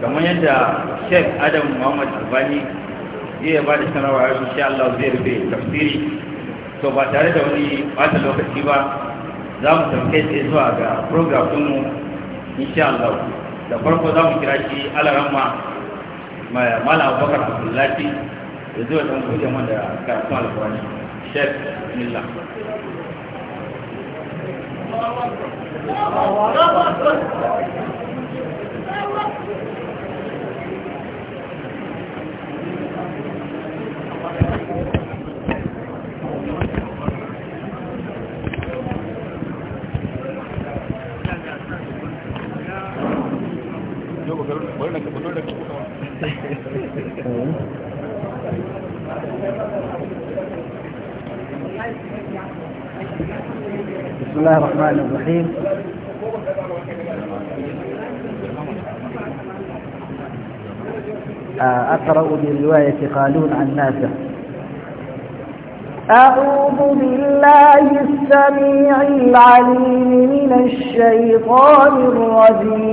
kamar yadda shek adam muhammad albani zai ba da sanarwa ya insha Allah zai rufe tafsiri to ba tare da wani bata lokaci ba za mu tafke sai zuwa ga program ɗinmu insha Allah da farko za mu kira shi mai mala abubakar abdullahi da zuwa ɗan buɗe man da karatun alfawani sheikh bismillah الرحيم آه، أقرأ بالرواية قالون عن نافع أعوذ بالله السميع العليم من الشيطان الرجيم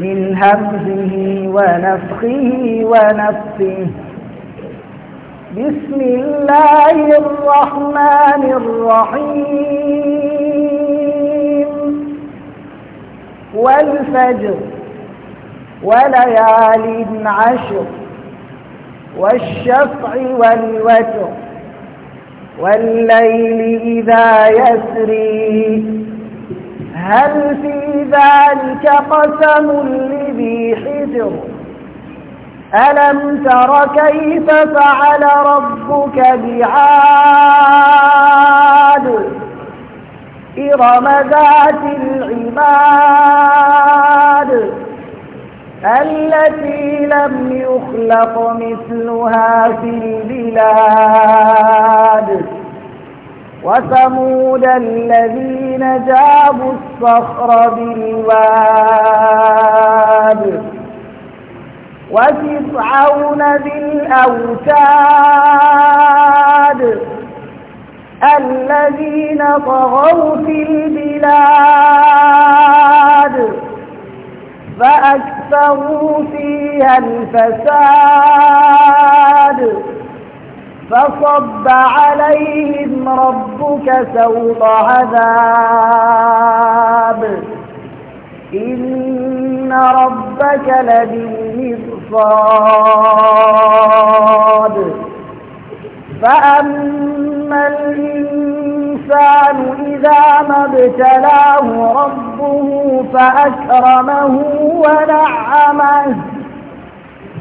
من همزه ونفخه ونفخه بسم الله الرحمن الرحيم والفجر وليال عشر والشفع والوتر والليل إذا يسري هل في ذلك قسم لذي حجر ألم تر كيف فعل ربك بعاد إرم ذات العباد التي لم يخلق مثلها في البلاد وثمود الذين جابوا الصخر بالواد وفرعون ذي الأوتاد الذين طغوا في البلاد فأكثروا فيها الفساد فصب عليهم ربك سوط عذاب إن ربك لبالمرصاد فأما الإنسان إذا ما ابتلاه ربه فأكرمه ونعمه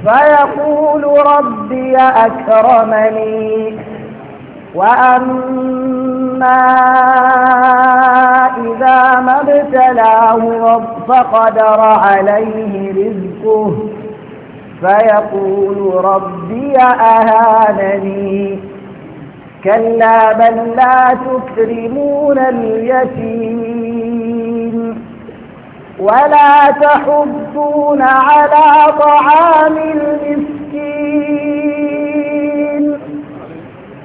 فيقول ربي أكرمني وأما والسماء إذا ما ابتلاه فقدر عليه رزقه فيقول ربي أهانني كلا بل لا تكرمون اليتيم ولا تحضون على طعام المسكين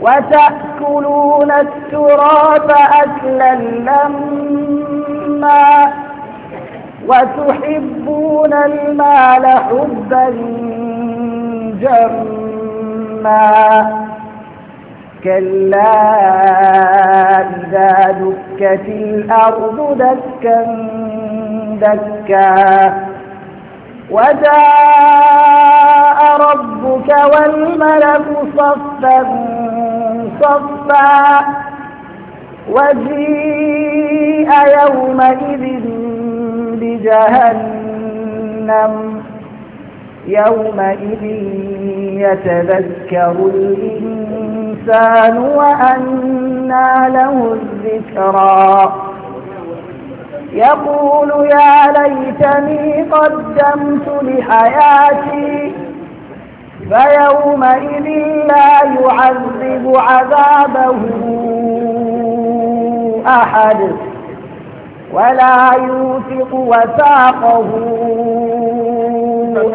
وتأكلون التراث أكلا لما وتحبون المال حبا جما كلا إذا دكت الأرض دكا دكا وجاء ربك والملك صفا صفا وجيء يومئذ بجهنم يومئذ يتذكر الإنسان وأنى له الذكرى يقول يا ليتني قدمت لحياتي فيومئذ لا يعذب عذابه أحد ولا يوثق وثاقه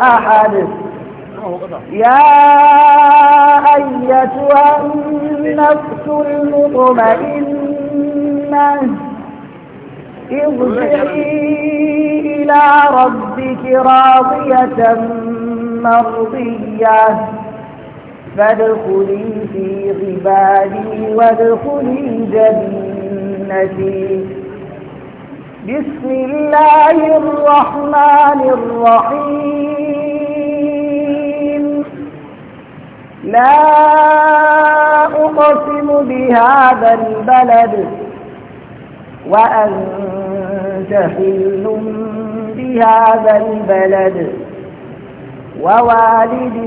أحد يا أيتها النفس المطمئنة ارجعي إلى ربك راضية مرضية فادخلي في عبادي وادخلي جنتي بسم الله الرحمن الرحيم لا أقسم بهذا البلد وأنت حل بهذا البلد ووالد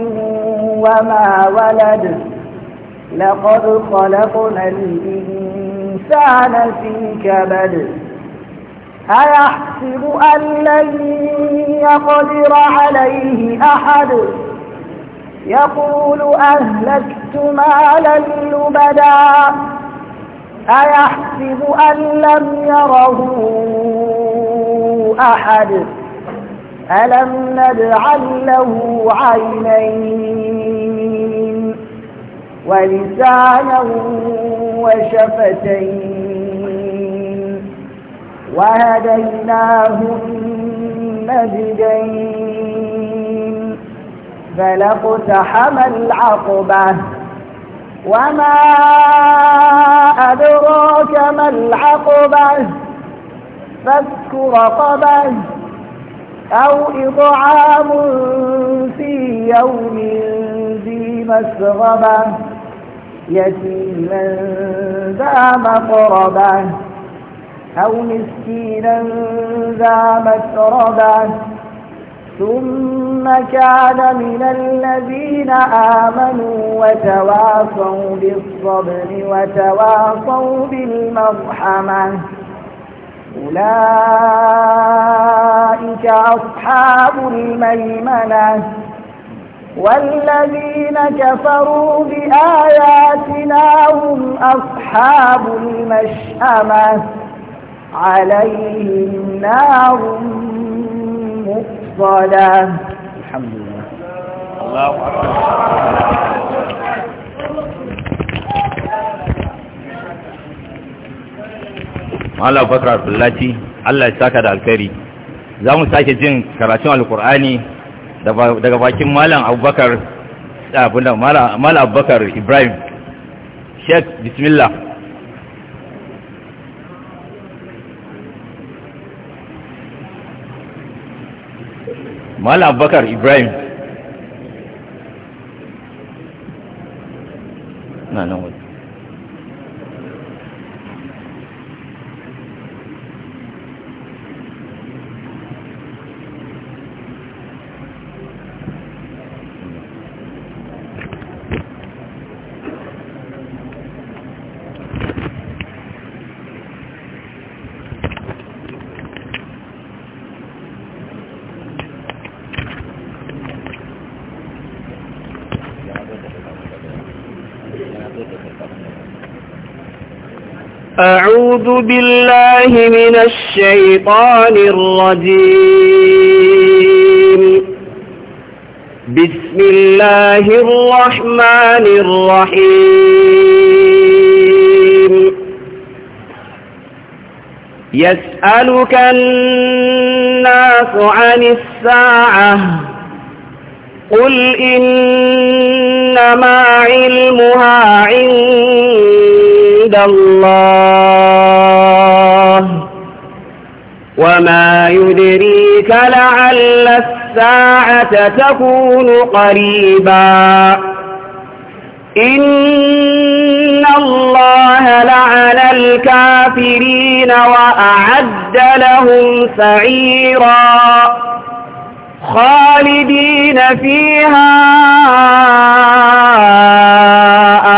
وما ولد لقد خلقنا الإنسان في كبد أيحسب أن لن يقدر عليه أحد يقول أهلكت مالا لبدا أيحسب أن لم يره أحد ألم نجعل له عينين ولسانا وشفتين وهديناه النجدين فلاقتحم العقبه وما أدراك ما العقبة فك رقبة أو إطعام في يوم ذي مسغبة يتيما ذا مقربة أو مسكينا ذا متربة ثم كان من الذين آمنوا وتواصوا بالصبر وتواصوا بالمرحمة أولئك أصحاب الميمنة والذين كفروا بآياتنا هم أصحاب المشأمة عليهم نار مؤمنة الصلاة الحمد لله الله أكبر Malam Bakar Abdullahi Allah ya saka da alkhairi za mu sake jin karatun alkur'ani daga bakin Malam Abubakar abinda Abubakar Ibrahim Sheikh bismillah mala abubakar ibrahim na nan أعوذ بالله من الشيطان الرجيم بسم الله الرحمن الرحيم يسألك الناس عن الساعة قل إنما علمها عند إلى الله وما يدريك لعل الساعة تكون قريبا إن الله لعن الكافرين وأعد لهم سعيرا خالدين فيها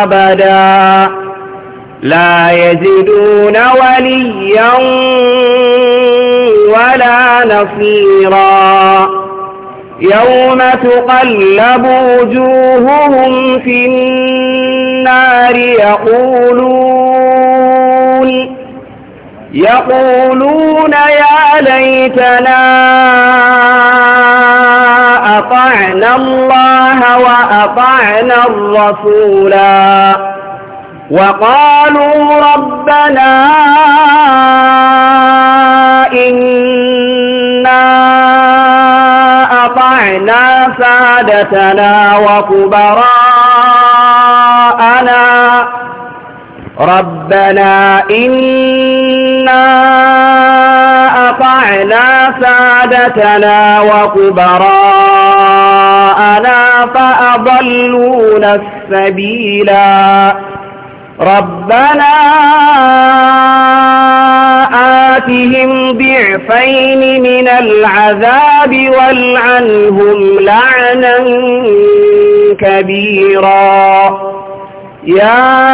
أبداً لا يجدون وليا ولا نصيرا يوم تقلب وجوههم في النار يقولون يقولون يا ليتنا أطعنا الله وأطعنا الرسولا وقالوا ربنا إنا أطعنا سادتنا وكبراءنا ربنا إنا أطعنا سادتنا وكبراءنا فأضلونا السبيلا ربنا آتهم ضعفين من العذاب والعنهم لعنا كبيرا يا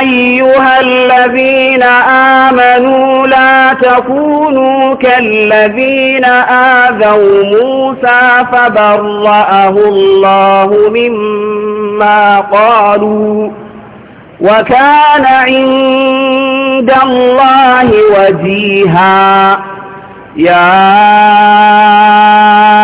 أيها الذين آمنوا لا تكونوا كالذين آذوا موسى فبرأه الله مما قالوا وكان عند الله وجيها يا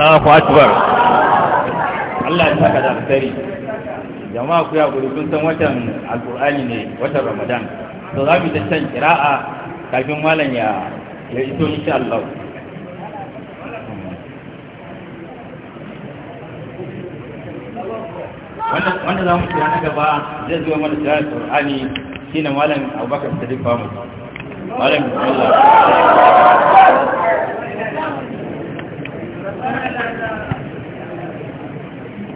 Allahu akbar Allah ya saka da alkhairi jama'a ku ya guri kun san watan alqur'ani ne watan ramadan to za mu ta can kira'a kafin malam ya ya iso insha Allah wanda za mu kira na gaba zai zuwa mana tsayar Qur'ani shine malam Abubakar Sadiq Bamu malam Allah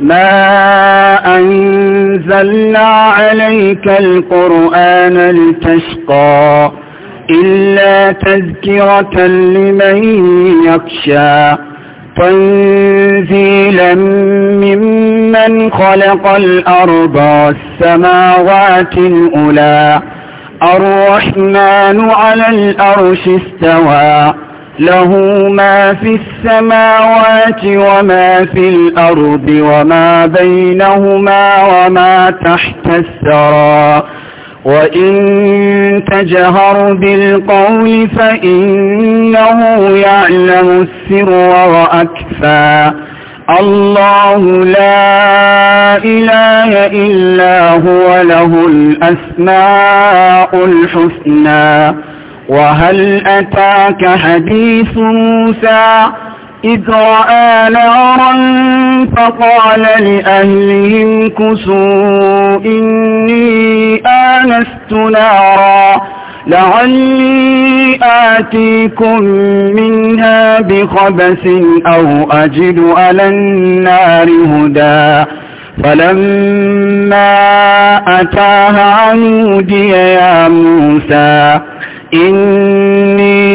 ما أنزلنا عليك القرآن لتشقى إلا تذكرة لمن يخشى تنزيلا ممن خلق الأرض والسماوات الأولى الرحمن على الأرش استوى له ما في السماوات وما في الأرض وما بينهما وما تحت الثرى وإن تجهر بالقول فإنه يعلم السر وأكفى الله لا إله إلا هو له الأسماء الحسنى وهل أتاك حديث موسى إذ رأى نارا فقال لأهلهم كسوا إني آنست نارا لعلي آتيكم منها بخبس أو أجد على النار هدى فلما أتاها نودي يا موسى إني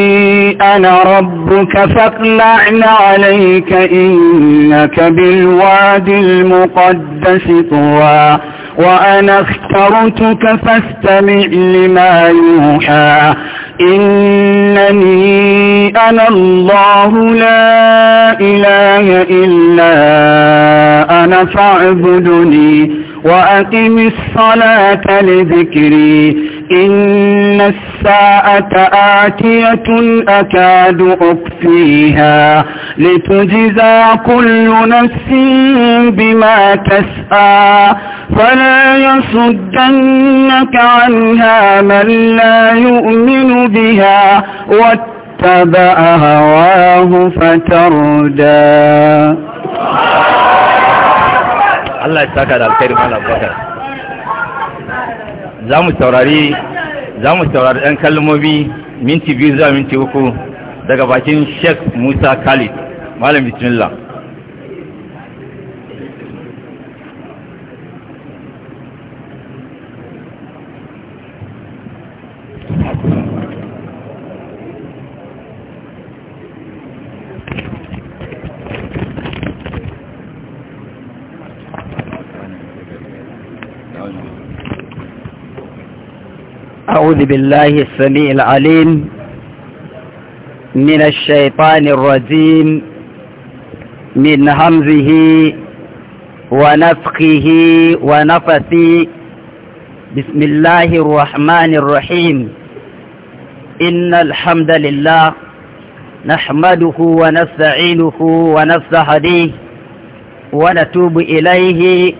أنا ربك فاقلعن عليك إنك بالواد المقدس طوى وأنا اخترتك فاستمع لما يوحى إنني أنا الله لا إله إلا أنا فاعبدني وأقم الصلاة لذكري إن الساعة آتية أكاد أكفيها لتجزى كل نفس بما تسعى فلا يصدنك عنها من لا يؤمن بها واتبع هواه فتردى الله يسعدك على الخير مالا بكر za mu saurari za mu saurari ɗan kalmomi minti biyu zuwa minti uku daga bakin sheik musa khalid malam bismillah أعوذ بالله السميع العليم من الشيطان الرجيم من همزه ونفقه ونفثه بسم الله الرحمن الرحيم إن الحمد لله نحمده ونستعينه ونستهديه ونتوب إليه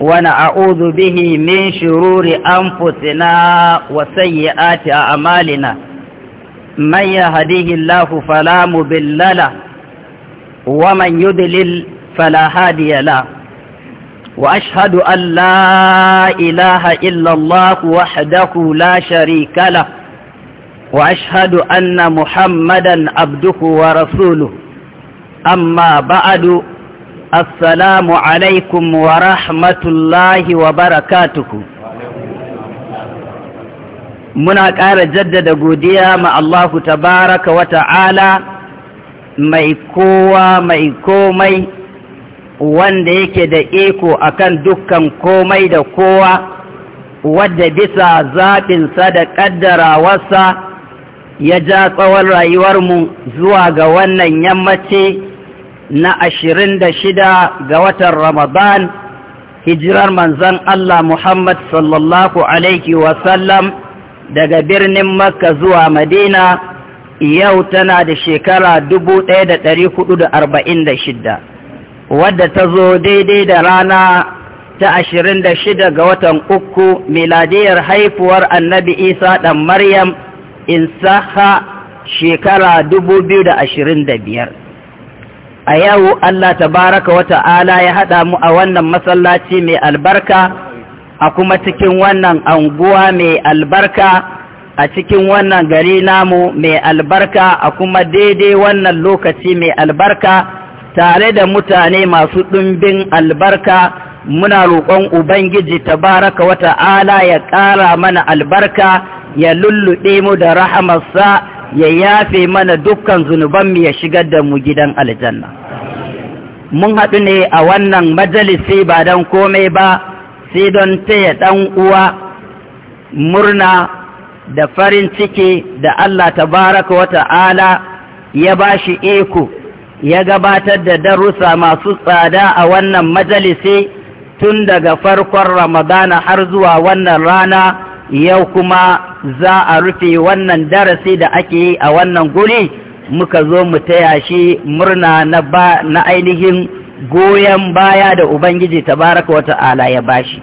ونعوذ به من شرور أنفسنا وسيئات أعمالنا من يهديه الله فلا مضل له ومن يضلل فلا هادي له وأشهد أن لا إله إلا الله وحده لا شريك له وأشهد أن محمدا عبده ورسوله أما بعد assalamu alaikum wa rahmatullahi wa barakatuhu muna ƙara jaddada godiya ma Allahu tabaraka wa ta'ala mai kowa mai komai wanda yake da iko akan dukkan komai da kowa wadda bisa zaɓinsa da ƙaddarawarsa ya ja tsawon rayuwarmu zuwa ga wannan yammaci na ashirin da shida ga watan Ramadan hijirar manzan Allah Muhammad sallallahu Alaihi wasallam daga birnin Makka zuwa Madina yau tana da shekara da ɗari shida, wadda ta zo daidai da rana ta ashirin da shida ga watan uku miladiyar haifuwar annabi Isa ɗan Maryam in saha shekara biyar. a yau Allah tabaraka wa ta'ala ya haɗa mu a wannan masallaci mai albarka a kuma cikin wannan anguwa mai albarka a cikin wannan gari namu mai albarka a kuma daidai wannan lokaci mai albarka tare da mutane masu ɗumbin albarka muna roƙon ubangiji tabaraka wata ala ya ƙara mana albarka ya lulluɗe mu da rahamarsa ya yafe mana dukkan zunubanmu ya shigar da mu gidan aljanna mun haɗu ne a wannan majalisi ba don komai ba sai don taya ɗan uwa murna da farin ciki da Allah tabaraka wa ta'ala ya ba shi iko ya gabatar da darussa masu tsada a wannan majalisi tun daga farkon ramadana har zuwa wannan rana yau kuma za a rufe wannan darasi da ake yi a wannan guri muka zo mu taya shi murna na ba na ainihin goyon baya da ubangiji tabaraka wata'ala ya bashi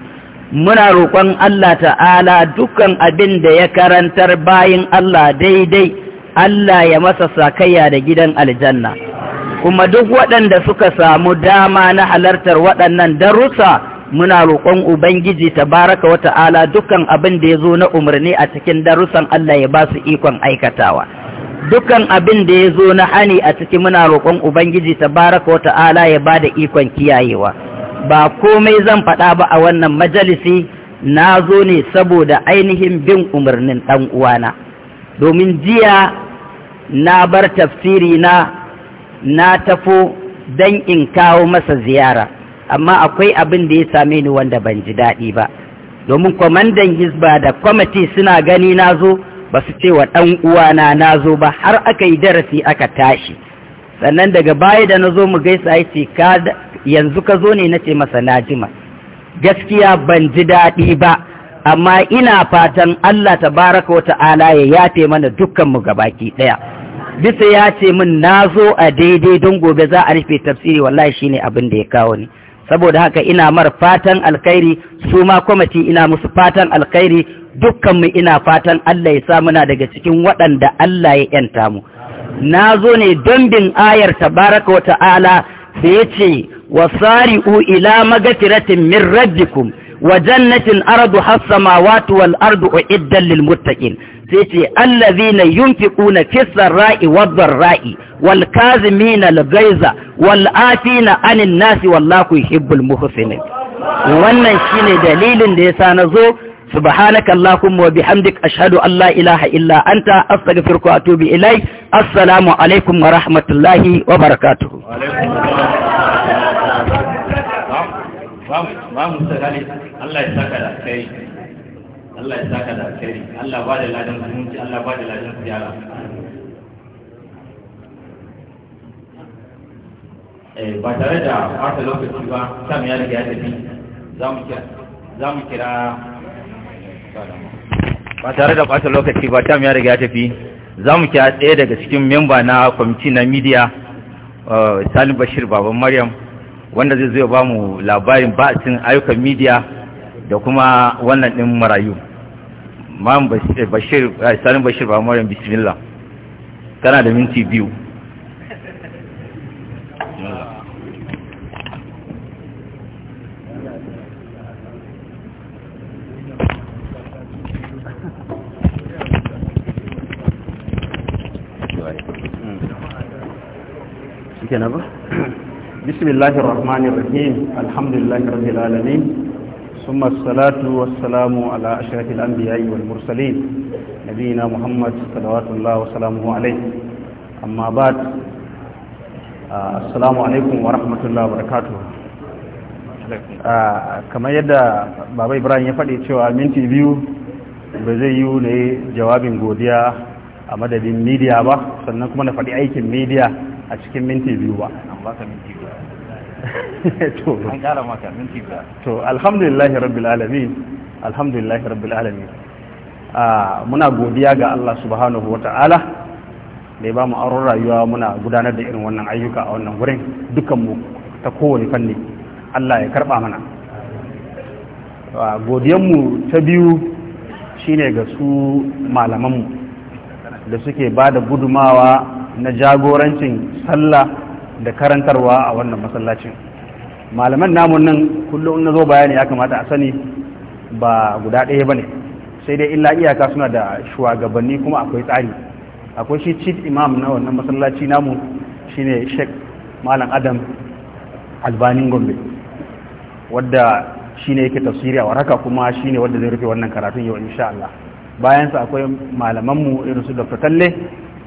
muna roƙon Allah ta'ala dukkan abin da ya karantar bayin Allah daidai Allah ya masa sakayya da gidan aljanna kuma duk waɗanda suka samu dama na halartar waɗannan darussa muna roƙon ubangiji ta baraka wa ta'ala dukkan abin da ya zo na umarni a cikin darussan Allah ya ba su ikon aikatawa dukan abin da ya zo na hani a ciki muna roƙon ubangiji ta baraka wa ta'ala ya ba da ikon kiyayewa ba komai zan faɗa ba a wannan majalisi na zo ne saboda ainihin bin umarnin ɗan uwana domin jiya na bar tafsiri na na tafo don in kawo masa ziyara amma akwai abin da ya same ni wanda ban ji daɗi ba domin kwamandan hizba da kwamiti suna gani na zo ba su ce wa ɗan uwana na zo ba har aka yi darasi aka tashi sannan daga baya da na zo mu gaisa ya ce yanzu ka zo ne na ce masa na jima gaskiya ban ji daɗi ba amma ina fatan Allah ta baraka wa ta'ala ya yafe mana dukkanmu baki ɗaya bisa ya ce min na zo a daidai don gobe za a rufe tafsiri wallahi shine abin da ya kawo ni saboda haka ina mar fatan alkhairi su ma kwamati ina musu fatan alkhairi dukkanmu ina fatan Allah ya sa muna daga cikin waɗanda Allah ya ‘yanta mu. Na zo ne don bin ayar tabaraka wa ta'ala yace, ya ce, Wasari'u ila magafiratin min rabbikum wa jannatin ardu has samawati wal ardu uiddat lil muttaqin sai ce allazina kuna fis ra'i wad ra'i wal kazimina al ghaiza wal afina anin nasi wallahu yuhibbul muhsinin wannan shine dalilin da yasa nazo سبحانك اللهم وبحمدك أشهد أن لا إله إلا أنت أستغفرك وأتوب إليك السلام عليكم ورحمة الله وبركاته وعليكم السلام Allah ya saka da kai Allah ya saka da kai Allah ba da ladan zumunci Allah ba da ladan ziyara eh, ba tare da wata lokaci ba sam ya riga ya tafi za mu kira ba tare da ɓata lokaci ba sam ya riga ya tafi za mu kira ɗaya daga cikin memba na kwamiti na midiya eh, salim bashir baban maryam wanda zai zai ba mu labarin ba'asin ayyukan midiya da kuma wannan ɗin marayu ma'am bashir eh, salim bashir ba marar bismillah tana da minti biyu بسم الله الرحمن الرحيم الحمد لله رب العالمين ثم الصلاة والسلام على أشرف الأنبياء والمرسلين نبينا محمد صلوات الله وسلامه عليه أما بعد السلام عليكم ورحمة الله وبركاته kamar yadda baba ibrahim ya faɗi cewa minti biyu ba zai yi ne jawabin godiya a madadin midiya ba sannan kuma na faɗi aikin midiya a cikin minti biyu ba to alhamdulillahi rabbil alamin alhamdulillahi rabbil alamin ah, muna godiya ga Allah subhanahu wata'ala da ya ba mu auren rayuwa muna gudanar da irin wannan ayyuka a wannan wurin mu ta kowane fanni Allah ya karba mana ah, godiyanmu ta biyu shine ga su malamanmu da suke ba da gudumawa na jagorancin sallah da karantarwa a wannan masallacin malaman namun nan kullum na zo bayani ya kamata a sani ba guda ɗaya ba ne sai dai illa iyaka suna da shugabanni kuma akwai tsari akwai shi chief imam na wannan masallaci namu shine sheikh malam adam albanin gombe wadda shine yake tafsiri a waraka kuma shine wadda zai rufe wannan karatun yau insha Allah bayan sa akwai malamanmu irin su dr talle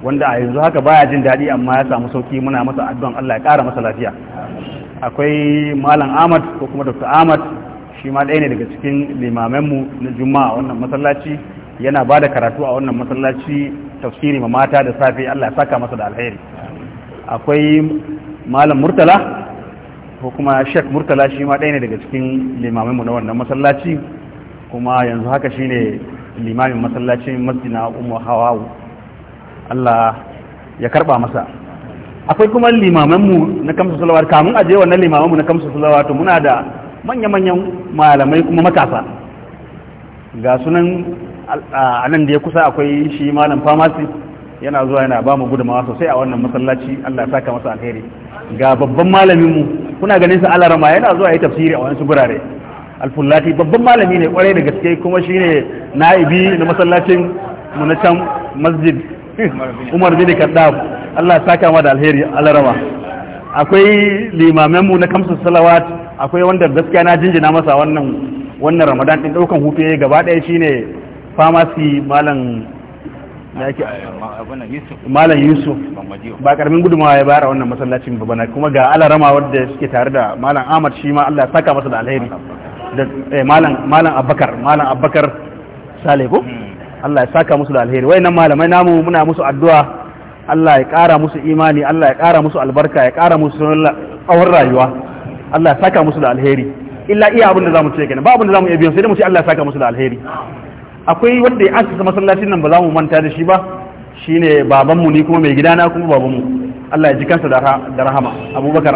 wanda a yanzu haka baya jin daɗi amma ya samu sauki muna masa addu'an Allah ya ƙara masa lafiya akwai malam Ahmad ko kuma Dr. Ahmad shi ma ɗaya ne daga cikin mu na juma'a wannan masallaci yana ba da karatu a wannan masallaci tafsiri ma mata da safe Allah ya saka masa da alheri akwai malam murtala ko kuma sheikh murtala shi ma ɗaya ne daga cikin mu na wannan masallaci kuma yanzu haka shine limamin masallacin masjina umar hawawu Allah ya karba masa akwai kuma limamanmu na kamsa salawat kamun aje wannan limamanmu na kamsu salawat muna da manya-manyan malamai kuma matasa ga sunan a nan da ya kusa akwai shi malam famasi yana zuwa yana ba mu gudumawa sosai a wannan masallaci Allah ya saka masa alheri ga babban malaminmu kuna ganin sa alarama yana zuwa ya tafsiri a wani su gurare alfullati babban malami ne kwarai da gaske kuma shine na'ibi na masallacin mu na can masjid umar bin kaddaf Allah ya saka da alheri alarama akwai limamen mu na kamsu salawat akwai wanda gaskiya na jinjina masa wannan wannan ramadan din daukan hufe gaba daya shine pharmacy malam malam yusuf ba karamin gudumawa ya bara wannan masallacin ba bana kuma ga alarama wanda suke tare da malam ahmad shi ma Allah ya saka masa da alheri da eh, malam malam abakar malam abakar salebo Allah ya saka musu da alheri wai nan malamai namu muna musu addu'a Allah ya ƙara musu imani Allah ya ƙara musu albarka ya ƙara musu tsawon rayuwa Allah ya saka musu da alheri illa iya abin da zamu ce kenan ba abin da zamu iya biyan sai dai mu ce Allah ya saka musu da alheri akwai wanda ya asasa masallacin nan ba za mu manta da shi ba shine baban mu ni kuma mai gida na kuma baban mu Allah ya ji kansa da rahama Abubakar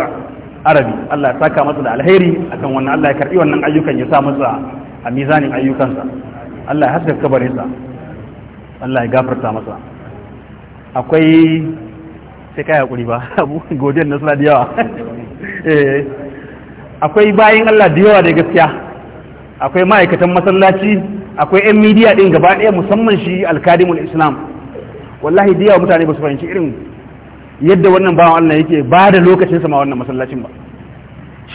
Arabi Allah ya saka masa da alheri akan wannan Allah ya karbi wannan ayyukan ya sa masa a mizanin ayyukansa Allah ya haska kabarinsa Allah ya gafarta masa akwai sai kai hakuri ba abu godiyar nasara da yawa eh akwai bayin Allah da yawa da gaskiya akwai ma'aikatan masallaci akwai yan midiya din gaba ɗaya musamman shi alkadimul islam wallahi da yawa mutane ba su fahimci irin yadda wannan bawan Allah yake ba da lokacin sama wannan masallacin ba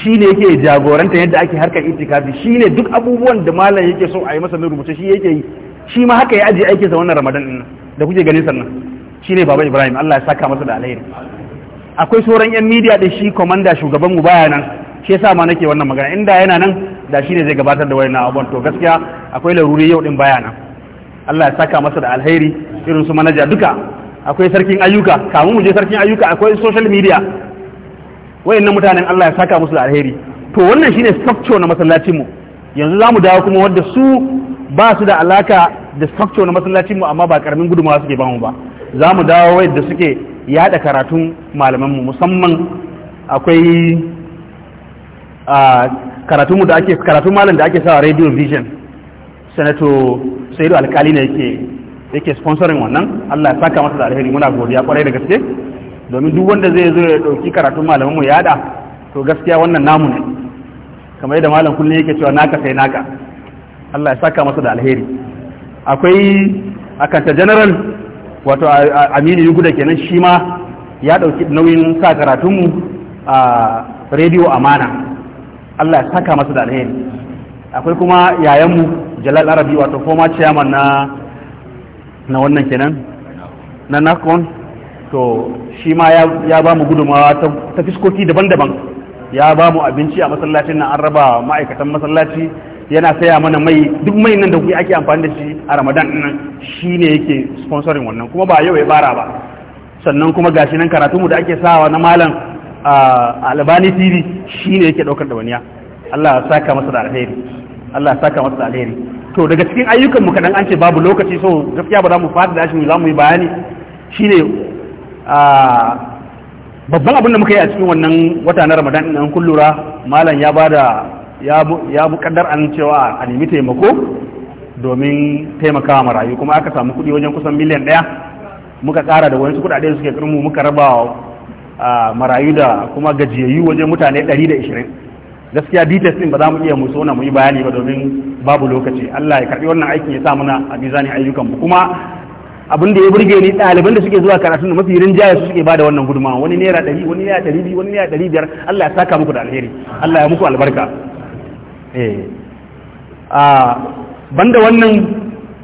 shi ne yake jagoranta yadda ake harkar itikafi shi ne duk abubuwan da malam yake so a yi masa rubuce shi yake yi shi ma haka ya ajiye aikinsa wannan ramadan ɗin da kuke ganin sannan shi ne baba ibrahim allah ya saka masa da alheri akwai sauran yan midiya da shi komanda shugaban mu baya nan shi yasa ma nake wannan magana inda yana nan da shi ne zai gabatar da wannan abubuwan to gaskiya akwai laruri yau din baya nan allah ya saka masa da alheri irin su manaja duka akwai sarkin ayyuka kamun mu je sarkin ayyuka akwai social media wayannan mutanen allah ya saka musu da alheri to wannan shine structure na masallacin mu yanzu mu dawo kuma wanda su ba su da alaka da structure na masallacin mu amma ba karamin gudunmawa suke bamu ba za mu dawo yadda suke yada karatun malaman mu musamman akwai karatun mu da ake karatun malam da ake sa radio vision sanato saidu alkali ne yake yake sponsoring wannan Allah ya saka masa da alheri muna godiya kwarai da gaske domin duk wanda zai zo ya dauki karatun malaman mu yada to gaskiya wannan namu ne kamar yadda malam kullum yake cewa naka sai naka Allah ya saka masa da alheri akwai akanta general wato aminu yugu da kenan shi ma ya ɗauki nauyin sa karatunmu a rediyo amana allah ya saka masa da alheri akwai kuma yayanmu jalal arabi wato former chairman na na wannan kenan na nakon to shi ma ya ba mu gudunmawa ta fiskoki daban-daban ya ba mu abinci a masallacin na an raba ma'aikatan masallaci yana saya mana mai duk mai nan da kuke ake amfani da shi a ramadan nan shi ne yake sponsoring wannan kuma ba yau ya bara ba sannan kuma gashi nan karatunmu da ake sawa na malam albani tv shi ne yake ɗaukar waniya allah saka masa da alheri allah saka masa da alheri to daga cikin ayyukan mu kadan an ce babu lokaci so gaskiya ba za mu fada da shi za mu yi bayani shine babban abin da muka yi a cikin wannan wata na ramadan nan kun lura malam ya ba da ya mukaddar an cewa a nemi taimako domin taimakawa marayu kuma aka samu kuɗi wajen kusan miliyan ɗaya muka ƙara da wani kuɗaɗe suke kirmu muka raba marayu da kuma gajiyayyu wajen mutane 120 gaskiya details din ba za mu iya mu sona mu yi bayani ba domin babu lokaci Allah ya karbi wannan aikin ya sa muna a mizanin ayyukan mu kuma abin da ya burge ni ɗaliban da suke zuwa karatu da mafi rinjaye su suke bada wannan gudunmawa wani naira ɗari wani naira ɗari wani naira ɗari biyar Allah ya saka muku da alheri Allah ya muku albarka Eh. Ah, banda wannan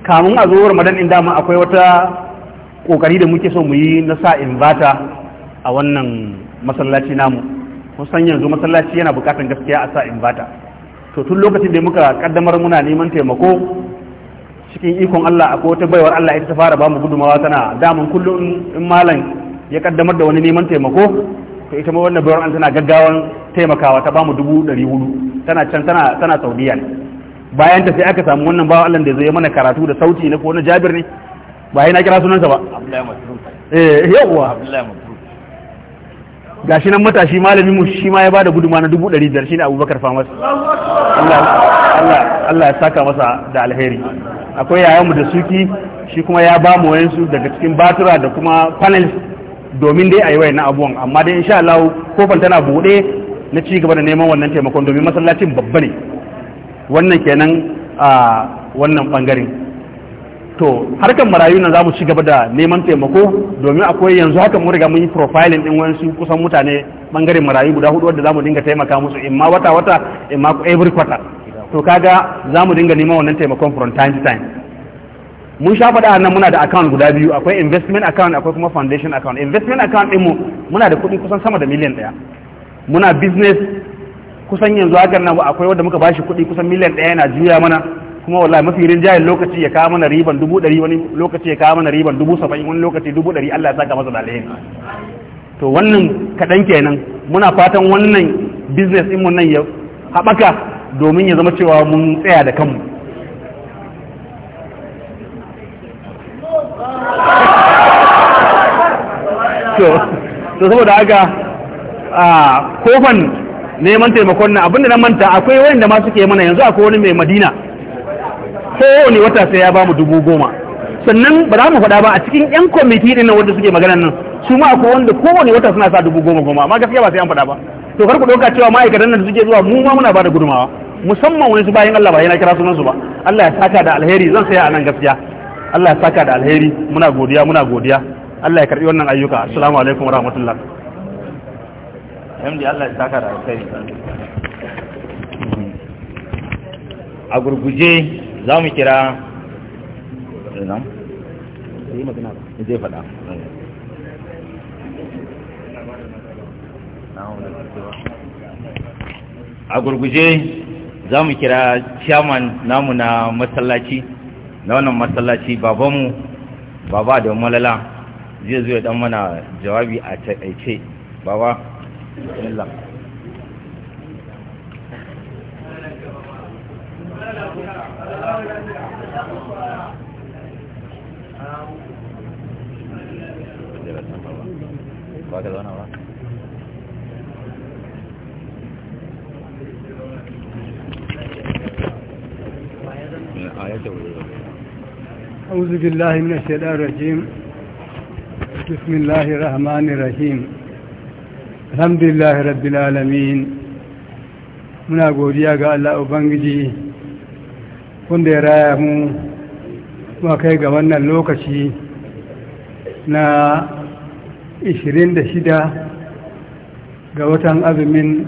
kamun a zuwar madan dama akwai wata kokari da muke so mu yi na sa bata a wannan masallaci namu kusan yanzu masallaci yana buƙatar gaskiya a sa bata to tun lokacin da muka kaddamar muna neman taimako cikin ikon Allah akwai wata baiwar Allah ita ta fara bamu gudumawa tana damun kullum in malam ya kaddamar da wani neman taimako to ita ma wannan bayar an tana gaggawan taimakawa ta bamu dubu ɗari hudu tana can tana tana saudiya ne bayan ta sai aka samu wannan bawa allah da zai mana karatu da sauti na ko na jabir ne ba yana kira sunansa ba eh yawwa gashi nan matashi malamin mu shi ma ya bada guduma na dubu ɗari biyar shine abubakar famas Allah ya saka masa da alheri akwai mu da suki shi kuma ya ba mu wayansu daga cikin batura da kuma panels domin dai a yi wayannan abubuwan amma dai insha Allah kofar tana buɗe na ci gaba da neman wannan taimakon domin masallacin babba ne wannan kenan a wannan bangare to harkar marayu nan za mu ci gaba da neman taimako domin akwai yanzu haka mun riga mun yi profiling din su kusan mutane bangaren marayu guda hudu wanda za mu dinga taimaka musu imma wata wata imma every quarter to kaga za mu dinga neman wannan taimakon from time to time mun sha faɗa nan muna da account guda biyu akwai investment account akwai kuma foundation account investment account ɗinmu muna da kuɗi kusan sama da miliyan ɗaya muna business kusan yanzu hakan nan akwai wanda muka bashi kuɗi kusan miliyan ɗaya yana juya mana kuma wallahi mafi rinjayen lokaci ya kawo mana riban dubu ɗari wani lokaci ya kawo mana riban dubu saba'in wani lokaci dubu ɗari Allah ya saka masa da alheri to wannan kaɗan kenan muna fatan wannan business ɗinmu nan ya haɓaka domin ya zama cewa mun tsaya da kanmu to saboda haka a kofan neman taimakon na abinda na manta akwai da masu ke mana yanzu akwai wani mai madina kowane wata sai ya bamu dubu goma sannan ba za mu faɗa ba a cikin yan kwamiti ɗin wanda suke magana nan su ma akwai wanda kowane wata suna sa dubu goma goma amma gaskiya ba sai an faɗa ba to kar ku ɗauka cewa ma'aikatan nan suke zuwa mu ma muna ba da gudumawa musamman wani su bayan Allah ba yana kira sunan su ba Allah ya saka da alheri zan saya a nan gaskiya Allah ya saka da alheri muna godiya muna godiya Allah ya karbi wannan ayyuka assalamu alaikum wa rahmatullah MD Allah ya saka da kai a gurguje za mu kira eh, a gurguje za mu kira chairman namu na masallaci na wannan masallaci babanmu baba da malala zai zo ya dan mana jawabi a taƙaice baba bismillah ba ba أعوذ بالله من الشيطان الرجيم بسم الله الرحمن الرحيم الحمد لله رب العالمين منا godiya غا الله Ubangiji wanda ya raya mu kuma kai ga wannan lokaci na 26 ga watan azumin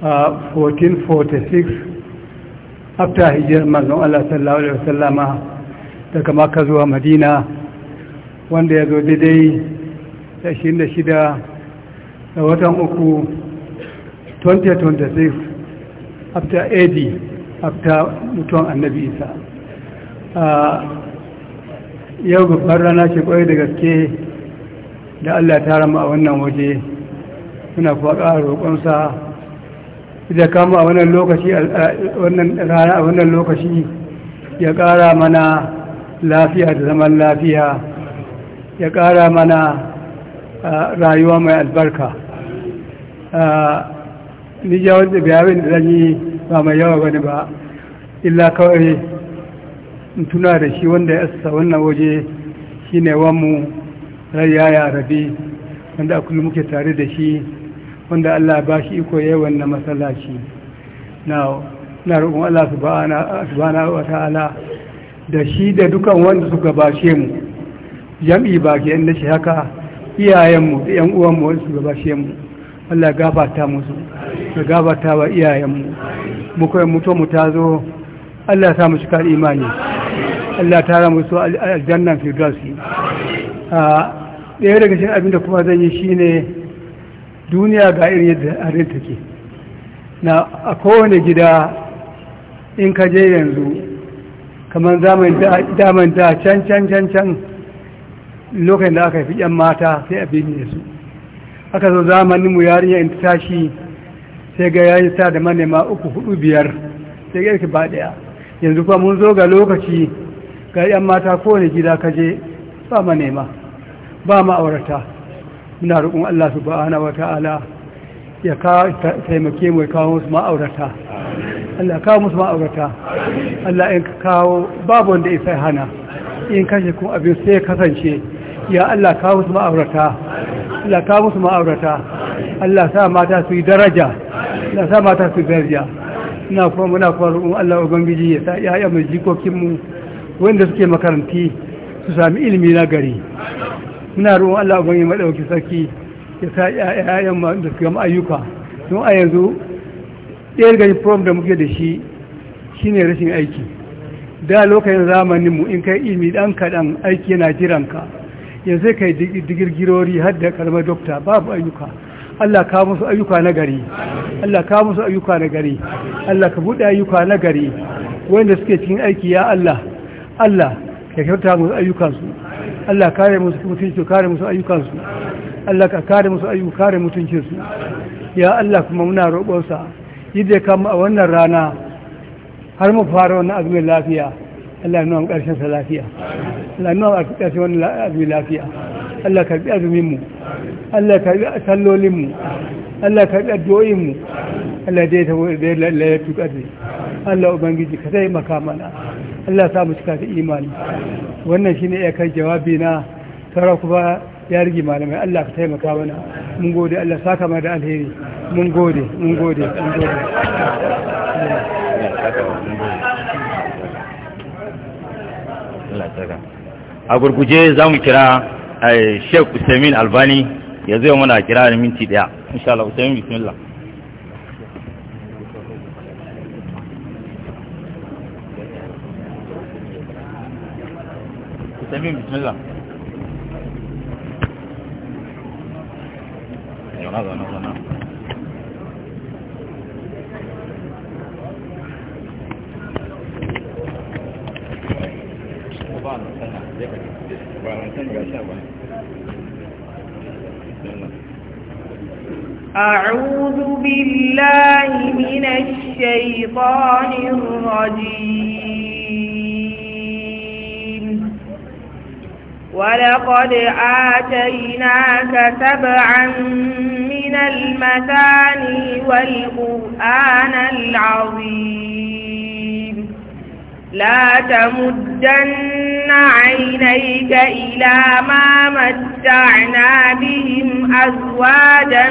1446 after hijiyar manzon Allah sallallahu Alaihi wasallama daga makka zuwa madina wanda ya zo daidai 26 da watan uku 2026 after ad after mutuwan annabi isa yau babbar rana ce kwaye da gaske da allah ta rama a wannan waje suna kuwa ƙara roƙonsa da kama a wannan lokaci a wannan lokaci ya ƙara mana lafiya da zaman lafiya ya ƙara mana rayuwa mai albarka ni jawon da bayanin da zan yi ba mai yawa bane ba illa kawai tuna da shi wanda ya sa wannan waje shi ne wanmu rayaya rabi wanda akwai muke tare da shi wanda allah ba shi iko yi wannan matsalashi na rukun allah na wa ta'ala da shi da dukan wanda suka bashe mu jam'i ba ke yadda shi haka iyayenmu da yan uwanmu wasu gabashenmu Allah gabata musu da gabata wa iyayenmu mu kawai mutu mu ta zo Allah ta mu shiga imani Allah ta ramu su aljannan firdausi a ɗaya daga cikin abin da kuma zan yi shi ne duniya ga irin yadda harin take na a kowane gida in ka je yanzu kamar zaman da can can can can lokacin da aka fi yan mata sai a bin su aka zo zamanin mu yarinya in tashi sai ga yayin ta da manema uku hudu biyar sai ga yake ba daya yanzu kuma mun zo ga lokaci ga yan mata ko kowane gida ka je ba manema ba ma aurata muna roƙon Allah subhanahu wataala ya ka taimake mu ya kawo musu ma'aurata Allah kawo musu aurata Allah in kawo babu wanda ya hana in kashe kuma abin sai kasance ya Allah ka musu ma'aurata Allah ka musu ma'aurata Allah sa mata su yi daraja Allah sa mata su yi daraja ina kuma muna kuma roƙon Allah ubangiji ya sa ya'ya mai jikokin mu wanda suke makaranti su sami ilimi na gari muna roƙon Allah ubangiji madauki sarki ya sa ya'yan mai da kuma ayyuka don a yanzu ɗaya daga problem da muke da shi shine rashin aiki da lokacin zamaninmu in kai ilimi ɗan kaɗan aiki yana jiranka yanzu kai digirgirori har da kalmar dokta babu ayyuka Allah ka musu ayyuka na gari Allah ka musu ayyuka na gari Allah ka buɗe ayyuka na gari wanda suke cikin aiki ya Allah Allah ka kyauta musu ayyukansu Allah kare musu mutunci kare musu ayyukansu Allah ka kare musu ayyuka kare mutuncinsu ya Allah kuma muna roƙonsa yadda ya kama a wannan rana har mu fara wannan azumin lafiya Allah ya nuna ƙarshen sa lafiya Allah ya nuna ƙarshen wani Allah karbi azumin Allah karbi Allah karbi addu'o'in Allah dai ta da Allah ya tuka dai Allah ubangiji ka sai maka Allah sa mu cika da imani wannan shine ya kai jawabi na tara kuma ya malamai Allah ka taimaka mana mun gode Allah saka ma da alheri mun gode mun gode mun gode Allah a gurguje za mu kira eh, Sheikh Usaimin Albani ya zai mana kira da minti daya insha Allah Usaimin bismillah Usaimin bismillah Yana zana zana أعوذ بالله من الشيطان الرجيم ولقد آتيناك سبعا من المثاني والقرآن العظيم لا تمد مدن عينيك إلى ما متعنا بهم أزواجا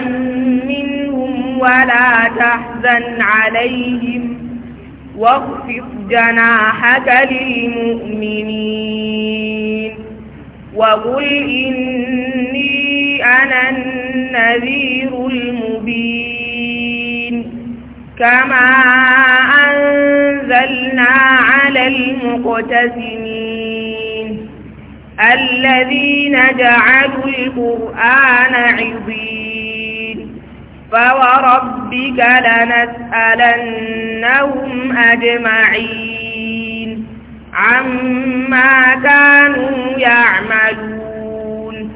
منهم ولا تحزن عليهم واخفض جناحك للمؤمنين وقل إني أنا النذير المبين كما أنت أنزلنا على المقتسمين الذين جعلوا القرآن عظيم فوربك لنسألنهم أجمعين عما كانوا يعملون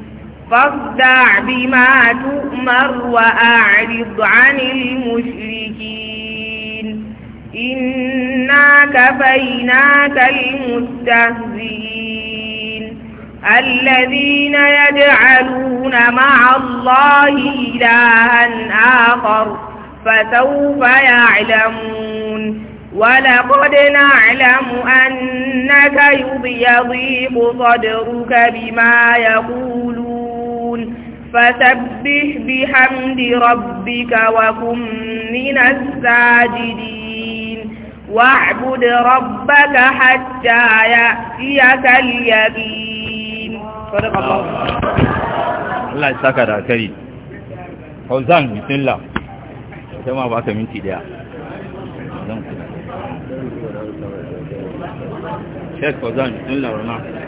فاصدع بما تؤمر وأعرض عن المشركين إنا كفيناك المستهزئين الذين يجعلون مع الله إلها آخر فسوف يعلمون ولقد نعلم أنك يضيق صدرك بما يقولون فسبح بحمد ربك وكن من الساجدين واعبد ربك حتى يأتيك اليقين صدق الله الله يساك da alkari Fauzan bismillah sai ma baka minti daya Sheikh Fauzan bismillah rahman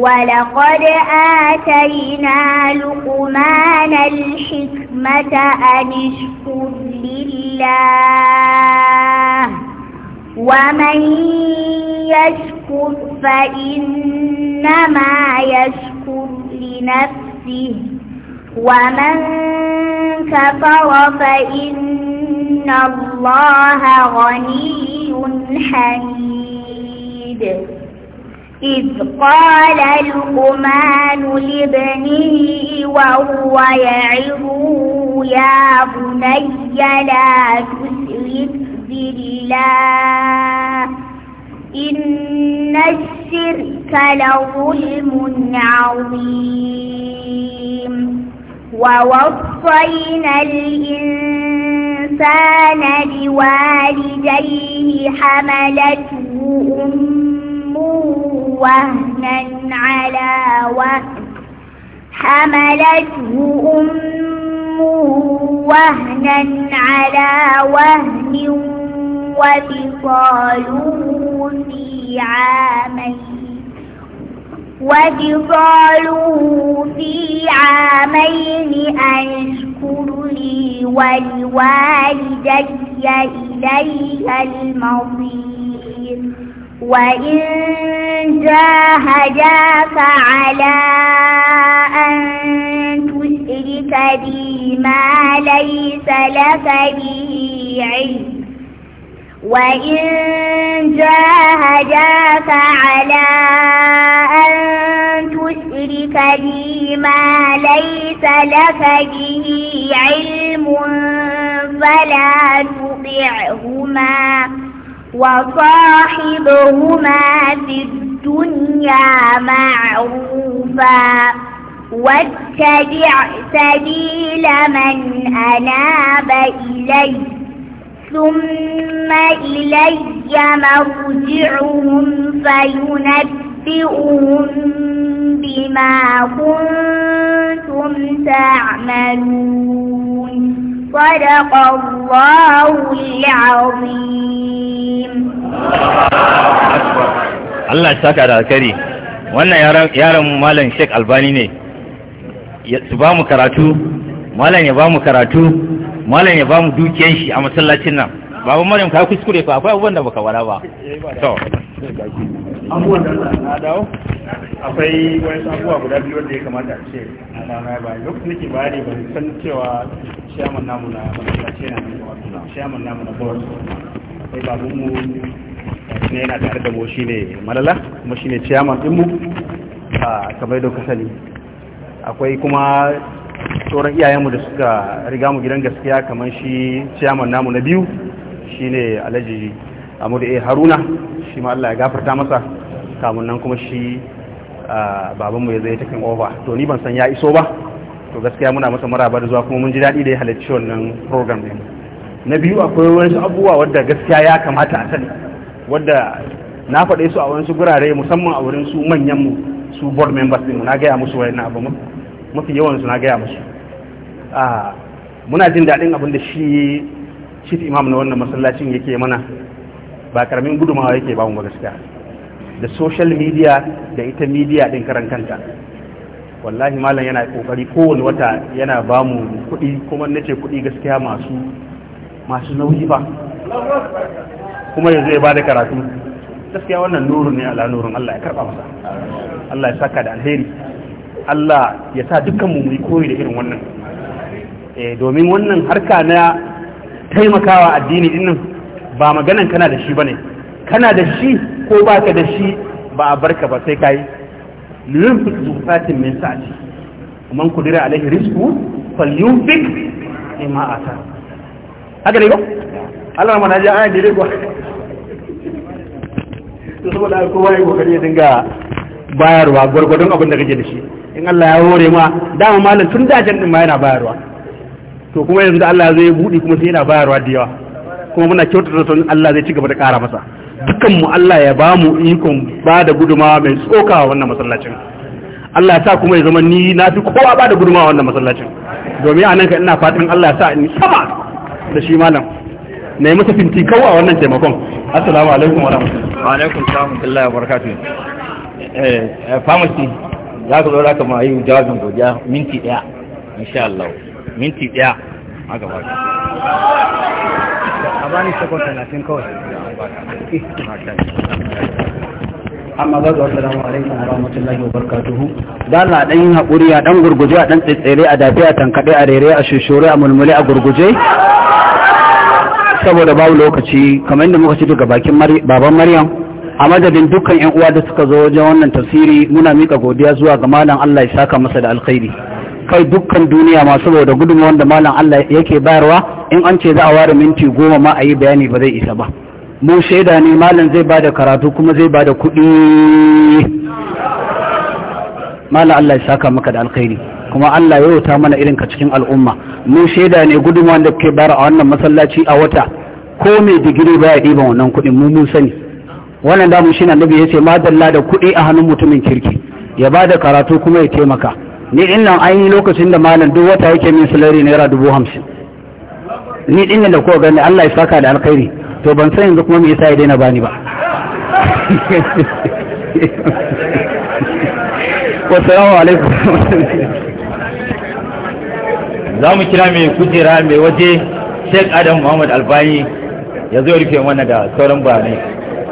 ولقد آتينا لقمان الحكمة أن اشكر لله ومن يشكر فإنما يشكر لنفسه ومن كفر فإن الله غني حميد إذ قال لقمان لابنه وهو يعظه يا بني لا تشرك بالله إن الشرك لظلم عظيم ووصينا الإنسان بوالديه حملته أمه وهنا على وهن حملته أمه وهنا على وهن وبصاله في عامين وبصاله في عامين أن اشكر لي ولوالدي إليها المصير وإن جاهداك على أن تشرك بي ما ليس لك به علم وإن جاهداك على أن تشرك بي ما ليس لك به علم فلا تطعهما وصاحبهما في الدنيا معروفا واتبع سبيل من أناب إلي ثم إلي مرجعهم فينبئهم بما كنتم تعملون صدق الله العظيم Allah ya saka da alkari wannan yaron malam Sheikh Albani ne su ba mu karatu malam ya ba mu karatu malam ya ba mu dukiyar shi a masallacin nan babu maryam ka kuskure ko akwai abubuwan da baka wara ba to abubuwan da na dawo akwai wani abubuwa guda biyu wanda ya kamata a ce a rana ba lokacin nake bayani ba san cewa shaman namu na masallaci na shaman namu na bawar akwai babun mu shi yana tare da mu shi ne malala kuma shi ne ciyaman ɗinmu a kamar akwai kuma sauran iyayenmu da suka riga mu gidan gaskiya kamar shi ciyaman namu na biyu shi ne alhaji amur e haruna shi ma allah ya gafarta masa kamun nan kuma shi babanmu ya zai takin Ova, to ni ban san ya iso ba to gaskiya muna masa maraba da zuwa kuma mun ji daɗi da ya halarci wannan program ne na biyu akwai wani abubuwa wadda gaskiya ya kamata a sani wadda na faɗe su a wasu gurare musamman a wurin su manyan su board members din na gaya musu wayannan abu mafi yawan su na gaya musu a muna jin daɗin abin da shi chief imam na wannan masallacin yake mana ba karamin gudumawa yake ba mu ba gaskiya da social media da ita media din karan kanta wallahi malam yana kokari kowane wata yana ba mu kuɗi kuma nace kuɗi gaskiya masu masu nauyi ba kuma yanzu ya bada karatu gaskiya wannan nuru ne ala nurun Allah ya karba masa Allah ya saka da alheri Allah ya sa dukkan mu yi koyi da irin wannan eh domin wannan harka na taimakawa addini nan ba maganan kana da shi bane kana da shi ko baka da shi ba a barka ba sai kai liyunfik zufatin min sa'ati man kudira alaihi rizqu falyunfik ima ata haka ne ko Allah mana na ji ayan da to saboda haka kowa ya kokari ya dinga bayarwa gwargwadon abin da kake da shi in Allah ya hore ma dama malam tun da jan din ma yana bayarwa to kuma yanzu Allah zai zo ya budi kuma sai yana bayarwa da yawa kuma muna kyautata son Allah zai ci gaba da ƙara masa dukkan mu Allah ya ba mu ikon ba da gudumawa mai tsoka wannan masallacin Allah ya sa kuma ya zama ni na fi kowa ba da gudumawa wannan masallacin domin a nan ka ina fatan Allah ya sa in sama da shi malam na yi masa fintikau a wannan taimakon assalamu alaikum wa rahmatullahi wa alaikum rahmatullahi wa barakatuh eh, eh pharmacy za ku zo za ka ma jawabin godiya minti daya insha Allah minti daya haka ba ka a bani sakon talatin kawai amma ba ga wasu alaikum wa rahmatullahi wa barakatuhu da Allah dan yin haƙuri a dan gurguje a dan tsitsire a dafiya a a rere a shushuri a mulmule a gurguje saboda babu lokaci kamar yadda muka ce daga bakin baban maryam a madadin dukkan yan uwa da suka zo wajen wannan tafsiri muna mika godiya zuwa ga malam Allah ya saka masa da alkhairi kai dukkan duniya ma saboda gudunmawar da malam Allah yake bayarwa in an ce za a ware minti goma ma a yi bayani ba zai isa ba mu shaida ne malam zai ba da karatu kuma zai ba da kuɗi malam Allah ya saka maka da alkhairi kuma Allah ya wuta mana irin ka cikin al'umma mu shaida ne guduma da ke bara a wannan masallaci a wata ko mai digiri baya ɗiban wannan kuɗin mu mun sani wannan da mun shi annabi ya ce dalla da kuɗi a hannun mutumin kirki ya ba da karatu kuma ya taimaka ni din nan an lokacin da malam duk wata yake min salari naira dubu hamsin ni din nan da kowa gani Allah ya saka da alkhairi to ban san yanzu kuma me yasa ya daina bani ba wasu alaikum za mu kira mai kujera mai waje shek adam muhammad albani ya zo rufe mana da sauran bayanai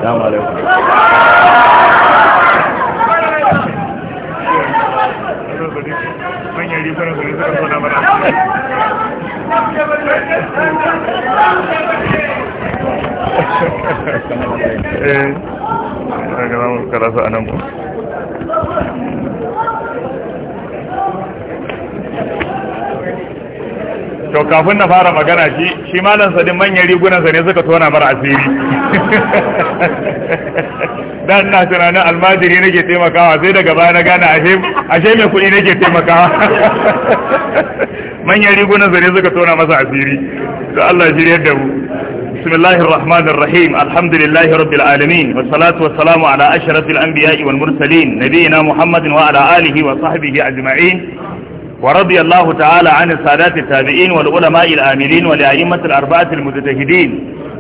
mu alaikum kafin na fara magana shi shi malam sadin manyan rigunansa ne suka tona mara asiri dan na tunanin almajiri nake taimakawa sai daga baya na gane ashe ashe mai kuɗi nake taimakawa manyan rigunansa ne suka tona masa asiri to Allah shi da mu بسم الله الرحمن الرحيم الحمد لله رب العالمين والصلاة والسلام على أشرف wa والمرسلين نبينا محمد وعلى آله وصحبه أجمعين ورضي الله تعالى عن السادات التابعين والعلماء الآملين ولأئمة الأربعة المتجهدين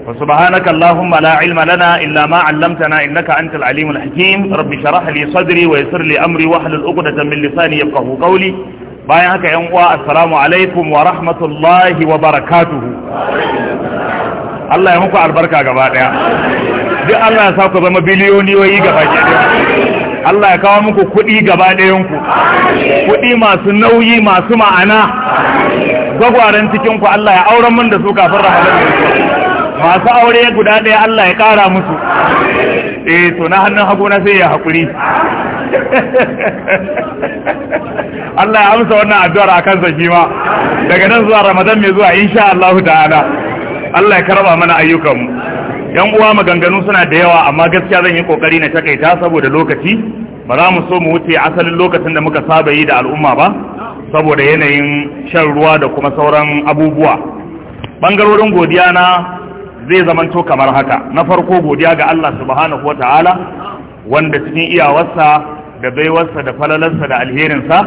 وسبحانك اللهم لا علم لنا إلا ما علمتنا إنك أنت العليم الحكيم رب شرح لي صدري ويسر لي أمري واحلل عقدة من لساني يفقه قولي bayan haka yan uwa assalamu alaikum wa rahmatullahi wa barakatuhu Allah ya muku albarka gaba daya duk Allah ya sa ku zama biliyoniyoyi gaba ɗaya Allah ya kawo muku kuɗi gaba ɗayanku kuɗi masu nauyi masu ma'ana gwagwaren cikinku Allah ya auren mun da su kafin ramadan masu aure guda ɗaya Allah ya ƙara musu eh to na hannun hagu sai ya haƙuri Allah ya amsa wannan addu'ar a kansa shi ma daga nan zuwa ramadan mai zuwa insha Allah ta'ala Allah ya karaba mana ayyukanmu yan uwa maganganu suna da yawa amma gaskiya zan yi kokari na takaita saboda lokaci ba za mu so mu wuce asalin lokacin da muka saba yi da al'umma ba saboda yanayin shan ruwa da kuma sauran abubuwa bangarorin godiya na zai zamanto kamar haka na farko godiya ga Allah subhanahu wataala wanda cikin iyawarsa da baiwarsa da falalarsa da alherinsa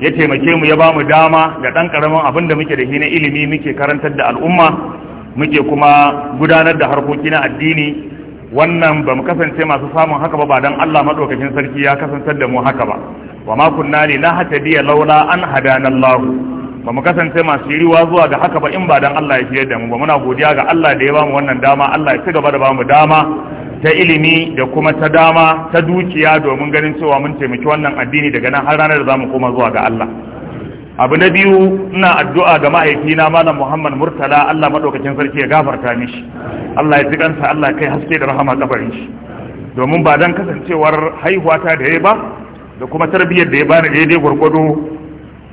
ya taimake mu ya ba mu dama ga ɗan ƙaramin abin da muke da shi ilimi muke karantar da al'umma muke kuma gudanar da harkoki na addini wannan ba mu kasance masu samun haka ba ba dan Allah madaukakin sarki ya kasantar da mu haka ba wa ma kunna li nahtadiya laula an hadana Allah ba mu kasance masu riwa zuwa ga haka ba in ba dan Allah ya shirye da mu ba muna godiya ga Allah da ya ba mu wannan dama Allah ya ci gaba da mu dama ta ilimi da kuma ta dama ta dukiya domin ganin cewa mun taimaki wannan addini daga nan har ranar da zamu koma zuwa ga Allah abu na biyu ina addu'a ga mahaifina malam Muhammad Murtala Allah maɗaukacin sarki ya gafarta mishi Allah ya jikansa Allah kai haske da rahama kabarin shi domin ba dan kasancewar haihuwata da yai ba da kuma tarbiyyar da ya bani daidai gwargwado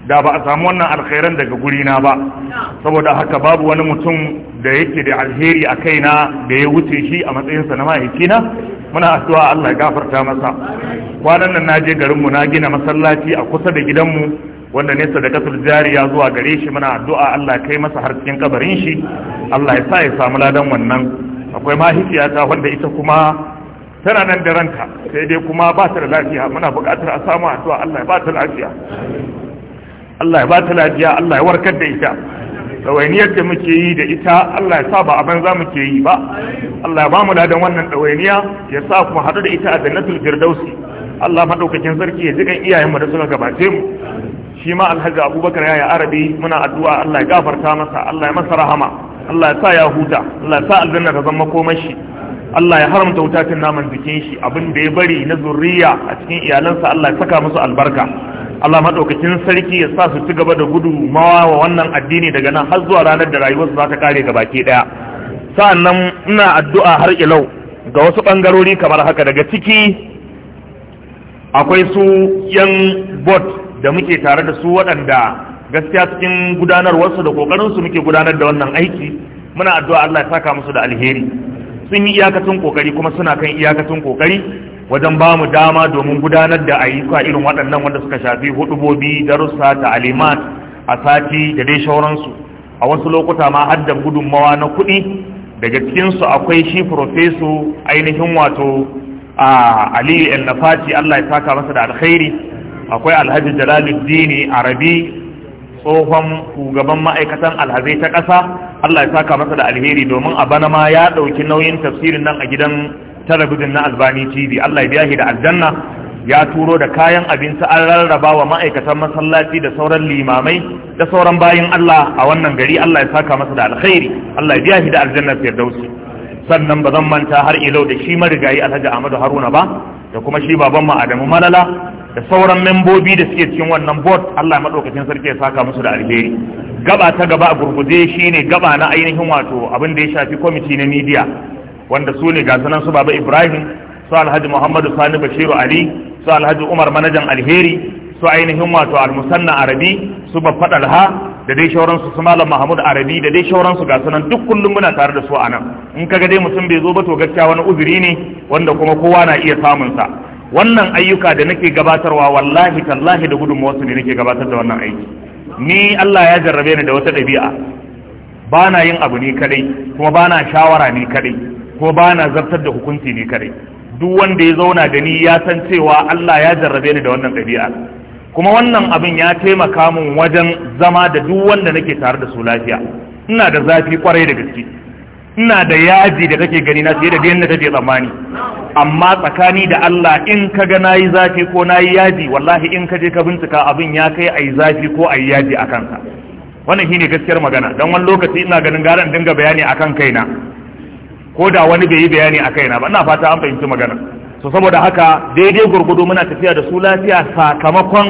da ba a samu wannan alkhairan daga gurina ba saboda haka babu wani mutum da yake da alheri a kai na da ya wuce shi a matsayinsa na mahaifina muna addu'a Allah ya gafarta masa kwanan nan na je garinmu na gina masallaci a kusa da gidanmu wanda da sadakatul jariya zuwa gare shi muna addu'a Allah kai masa har cikin kabarin shi Allah ya sa ya samu ladan wannan akwai mahaifiya ta wanda ita kuma tana nan da ranta sai dai kuma ba ta da lafiya muna buƙatar a samu addu'a Allah ya ba ta lafiya Allah ya ba ta lafiya Allah ya warkar da ita ɗawainiyar da muke yi da ita Allah ya sa ba abin za muke yi ba Allah ya ba mu ladan wannan ɗawainiya ya sa kuma haɗu da ita a jannatul firdausi Allah maɗaukakin sarki ya jikan iyayenmu da suka gabace mu shi ma alhaji abubakar ya yi arabi muna addu'a Allah ya gafarta masa Allah ya masa rahama Allah ya sa ya huta Allah ya sa aljanna ta zama komai shi Allah ya haramta wutacin naman jikin shi abin da ya bari na zurriya a cikin iyalansa Allah ya saka musu albarka Allah madaukakin sarki ya sa su ci gaba da gudu mawa wa wannan addini daga nan har zuwa ranar da rayuwarsu za ta kare ga baki daya sa'annan ina addu'a har ilau ga wasu bangarori kamar haka daga ciki akwai su yan bot da muke tare da su waɗanda gaskiya cikin gudanarwarsu da kokarinsu muke gudanar da wannan aiki muna addu'a Allah ya saka musu da alheri sun yi iyakacin ƙoƙari kuma suna kan iyakacin ƙoƙari wajen ba mu dama domin gudanar da ayyuka irin waɗannan wanda suka shafi hudubobi darussa alimat a sati da dai shauransu a wasu lokuta ma har da gudunmawa na kuɗi daga cikinsu akwai shi profeso ainihin wato a aliyu el allah ya saka masa da alkhairi akwai alhaji jalaluddini arabi tsohon shugaban ma'aikatan alhazai ta ƙasa Allah ya saka masa da alheri domin a bana ma ya ɗauki nauyin tafsirin nan a gidan talabijin na albani tv Allah ya biya shi da aljanna ya turo da kayan abinci an rarraba wa ma'aikatan masallaci da sauran limamai da sauran bayin Allah a wannan gari Allah ya saka masa da alkhairi Allah ya biya shi da aljanna firdausi sannan ba zan manta har ilau da shi marigayi alhaji Ahmadu Haruna ba da kuma shi baban mu Adamu Malala da sauran membobi da suke cikin wannan board Allah madaukakin sarki ya saka musu da alheri gaba ta gaba a gurguje shine gaba na ainihin wato abin da ya shafi kwamiti na media wanda su ne nan su baba Ibrahim su Alhaji Muhammadu Sani Bashiru Ali su Alhaji Umar manajan alheri su ainihin wato almusanna arabi su babba ha da dai shauransu su malam mahmud arabi da dai shauransu gasu nan duk kullum muna tare da su a nan in kaga dai mutum bai zo ba to gaskiya wani uzuri ne wanda kuma kowa na iya samun sa wannan ayyuka da nake gabatarwa wallahi tallahi da gudunmawarsu ne nake gabatar da wannan aiki ni Allah ya jarrabe ni da wata ɗabi'a ba na yin abu ne kadai kuma ba na shawara ne kadai kuma ba na zartar da hukunci ne kadai duk wanda ya zauna da ni ya san cewa Allah ya jarrabe ni da wannan ɗabi'a kuma wannan abin ya taimaka min wajen zama da duk wanda nake tare da su lafiya ina da zafi kwarai da gaske ina da yaji da kake gani na fiye da yadda kake tsammani amma tsakani da Allah in ka ga nayi zafi ko nayi yaji wallahi in ka je ka bincika abin ya kai ai zafi ko ai yaji a ka wannan shine gaskiyar magana dan wani lokaci ina ganin garan dinga bayani akan kaina ko da wani bai yi bayani a kaina ba ina fata an fahimci magana so saboda haka daidai gurgudu muna tafiya da su lafiya sakamakon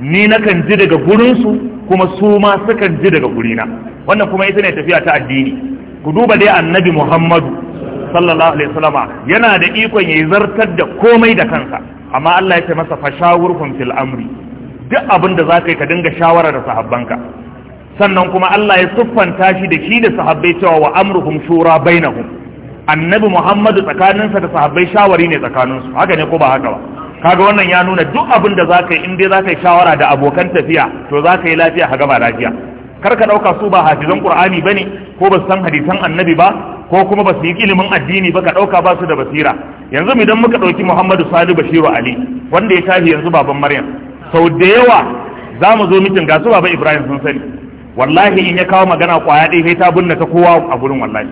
ni nakan ji daga gurin su, kuma su ma sukan ji daga gurina wannan kuma ita ne tafiya ta addini ku duba dai annabi muhammadu sallallahu alaihi wasallama yana da ikon yayi zartar da komai da kansa amma Allah ya ce masa fashawurhum fil amri duk abin da zaka yi ka dinga shawara da sahabbanka sannan kuma Allah ya siffanta shi da shi da sahabbai cewa wa amruhum shura bainahum annabi Muhammadu tsakaninsa da sahabbai shawari ne tsakaninsu haka ne ko ba haka ba kaga wannan ya nuna duk abin da zaka yi in dai zaka yi shawara da abokan tafiya to zaka yi lafiya ka gama lafiya kar ka dauka su ba hafizan qur'ani bane ko ba san hadisan annabi ba ko kuma ba su yi ilimin addini ba ka ɗauka ba su da basira yanzu idan muka ɗauki muhammadu sali bashiru ali wanda ya tashi yanzu baban maryam sau da yawa za mu zo mitin ga su baba ibrahim sun sani wallahi in ya kawo magana kwaya ɗaya sai ta binne ta kowa a gurin wallahi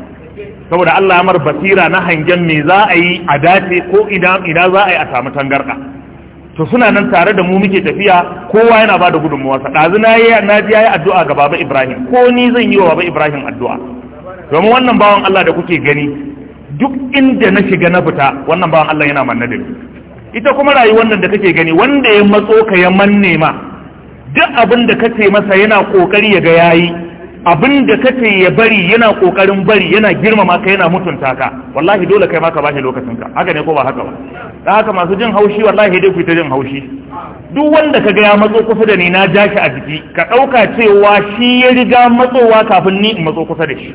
saboda allah mar basira na hangen me za a yi a dace ko idan ina za a yi a samu tangarɗa to suna nan tare da mu muke tafiya kowa yana ba da gudunmuwarsa ɗazu na ji ya yi addu'a ga baba ibrahim ko ni zan yi wa baba ibrahim addu'a domin wannan bawan Allah da kuke gani duk inda na shiga na fita wannan bawan Allah yana manna da ni ita kuma rayuwar nan da kake gani wanda ya matso ka ya manne ma duk abin da kace masa yana kokari ya ga yayi abin da kace ya bari yana kokarin bari yana girmama ka yana mutunta ka wallahi dole kai ma ka bashi lokacin ka haka ne ko ba haka ba dan haka masu jin haushi wallahi dai ku ta jin haushi duk wanda ga ya matso kusa da ni na ja shi a jiki ka dauka cewa shi ya riga matsowa kafin ni in matso kusa da shi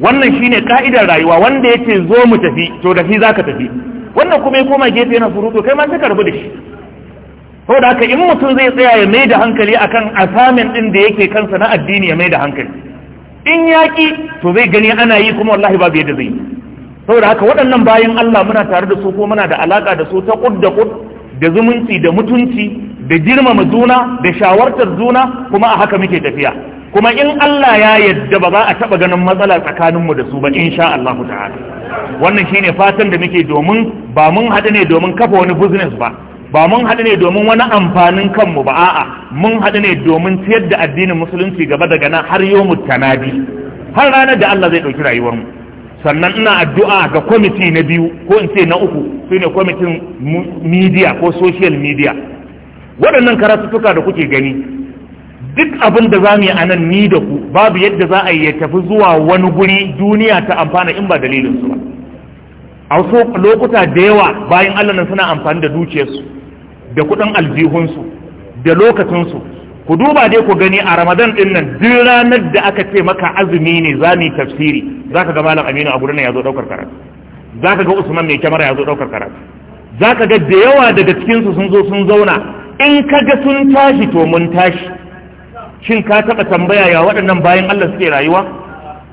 wannan shine ka'idar rayuwa wanda yake zo mu tafi to tafi zaka tafi wannan kuma ya koma gefe yana surutu kai ma sai karbu da shi da haka in mutum zai tsaya ya mai da hankali akan asamin ɗin da yake kansa na addini ya mai da hankali in yaƙi to zai gani ana yi kuma wallahi babu yadda zai yi saboda haka waɗannan bayan Allah muna tare da su ko muna da alaka da su ta kud da kud da zumunci da mutunci da girmama juna da shawartar juna kuma a haka muke tafiya kuma in Allah ya yadda ba za a taba ganin matsala tsakaninmu da su ba insha Allah ta'ala wannan shine fatan da muke domin ba mun haɗu ne domin kafa wani business ba ba mun haɗu ne domin wani amfanin kanmu ba a'a mun haɗu ne domin ciyar da addinin musulunci gaba daga nan har yau tanadi har ranar da Allah zai ɗauki rayuwarmu sannan ina addu'a ga kwamiti na biyu ko in ce na uku su ne kwamitin media ko social media waɗannan karatuttuka da kuke gani duk abin da za mu yi a ni da ku babu yadda za a yi ya tafi zuwa wani guri duniya ta amfana in ba dalilin su ba a wasu lokuta da yawa bayan allah suna amfani da dukiyarsu da kuɗin aljihunsu da lokacinsu ku duba dai ku gani a ramadan din nan duk ranar da aka ce maka azumi ne za mu yi tafsiri za ka ga malam aminu a gurin ya zo ɗaukar karatu za ka ga usman mai kyamara ya zo ɗaukar karatu za ka ga da yawa daga cikinsu sun zo sun zauna in ka ga sun tashi to mun tashi shin ka taɓa tambaya ya waɗannan bayan allah suke rayuwa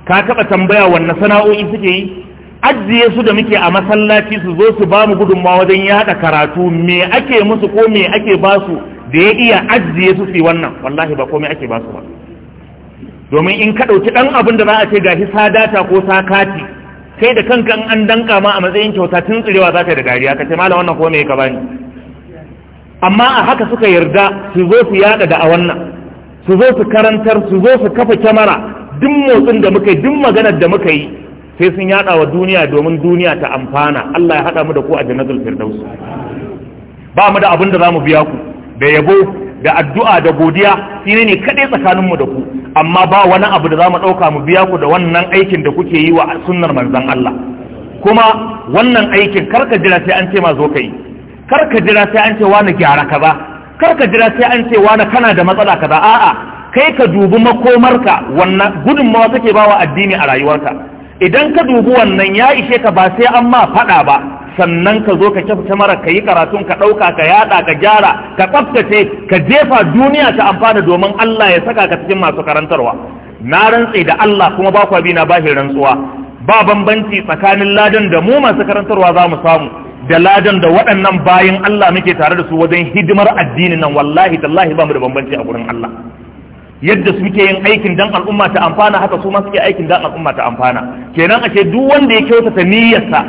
ka taɓa tambaya wanne sana'o'i suke yi ajiye su da muke a masallaci su zo su ba mu gudunmawa wajen yaɗa karatu me ake musu ko me ake ba su da ya iya ajiye su su wannan wallahi ba komai ake ba su ba domin in ka ɗauki ɗan abin da za a ce gashi sadata ko sakati kai da kanka an danka ma a matsayin kyauta tun tsirewa za ka da dariya ka ce malam wannan ko ka bani amma a haka suka yarda su zo su yaɗa da a wannan su zo su karantar su zo su kafa kyamara duk motsin da muka yi duk maganar da muka yi sai sun yaɗa wa duniya domin duniya ta amfana Allah ya haɗa mu da ku a jannatul firdaus ba mu da abin da za mu biya ku da yabo da addu'a da godiya shi ne kadai tsakaninmu da ku amma ba wani abu da za mu ɗauka mu biya ku da wannan aikin da kuke yi wa sunnar manzon Allah kuma wannan aikin karka jira sai an ce ma zo kai karka jira sai an ce wani gyara kaza karka jira sai an ce wani kana da matsala kaza a'a kai ka dubi makomarka wannan gudunmawa kake bawa addini a rayuwarka idan ka dubi wannan ya ishe ka ba sai an ma faɗa ba sannan ka zo ka kyauta mara ka yi karatun ka ɗauka ka yada ka gyara ka tsaftace ka jefa duniya ta amfana domin Allah ya saka ka cikin masu karantarwa na rantse da Allah kuma ba kwa na bashi rantsuwa ba bambanci tsakanin ladan da mu masu karantarwa za mu samu da ladan da waɗannan bayan Allah muke tare da su wajen hidimar addinin nan wallahi tallahi ba mu da bambanci a gurin Allah yadda suke yin aikin dan al'umma ta amfana haka su ma suke aikin dan al'umma ta amfana kenan ake duk wanda ya kyautata niyyarsa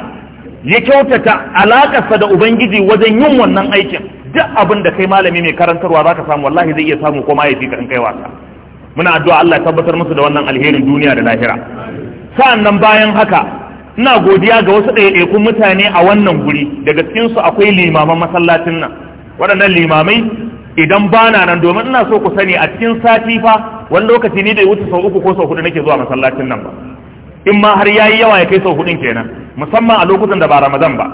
ya kyautata alakarsa da ubangiji wajen yin wannan aikin duk abin da kai malami mai karantarwa za ka samu wallahi zai iya samu ko ma ya fi kai wasa muna addu'a Allah ya tabbatar musu da wannan alherin duniya da lahira Sa'an nan bayan haka ina godiya ga wasu ɗaiɗaikun mutane a wannan guri daga cikin su akwai limaman masallacin nan waɗannan limamai idan bana nan domin ina so ku sani a cikin sati fa wani lokaci ni da wuce sau uku ko sau hudu nake zuwa masallacin nan ba in ma har yayi yawa ya kai sau hudun kenan musamman a lokutan da ba ramadan ba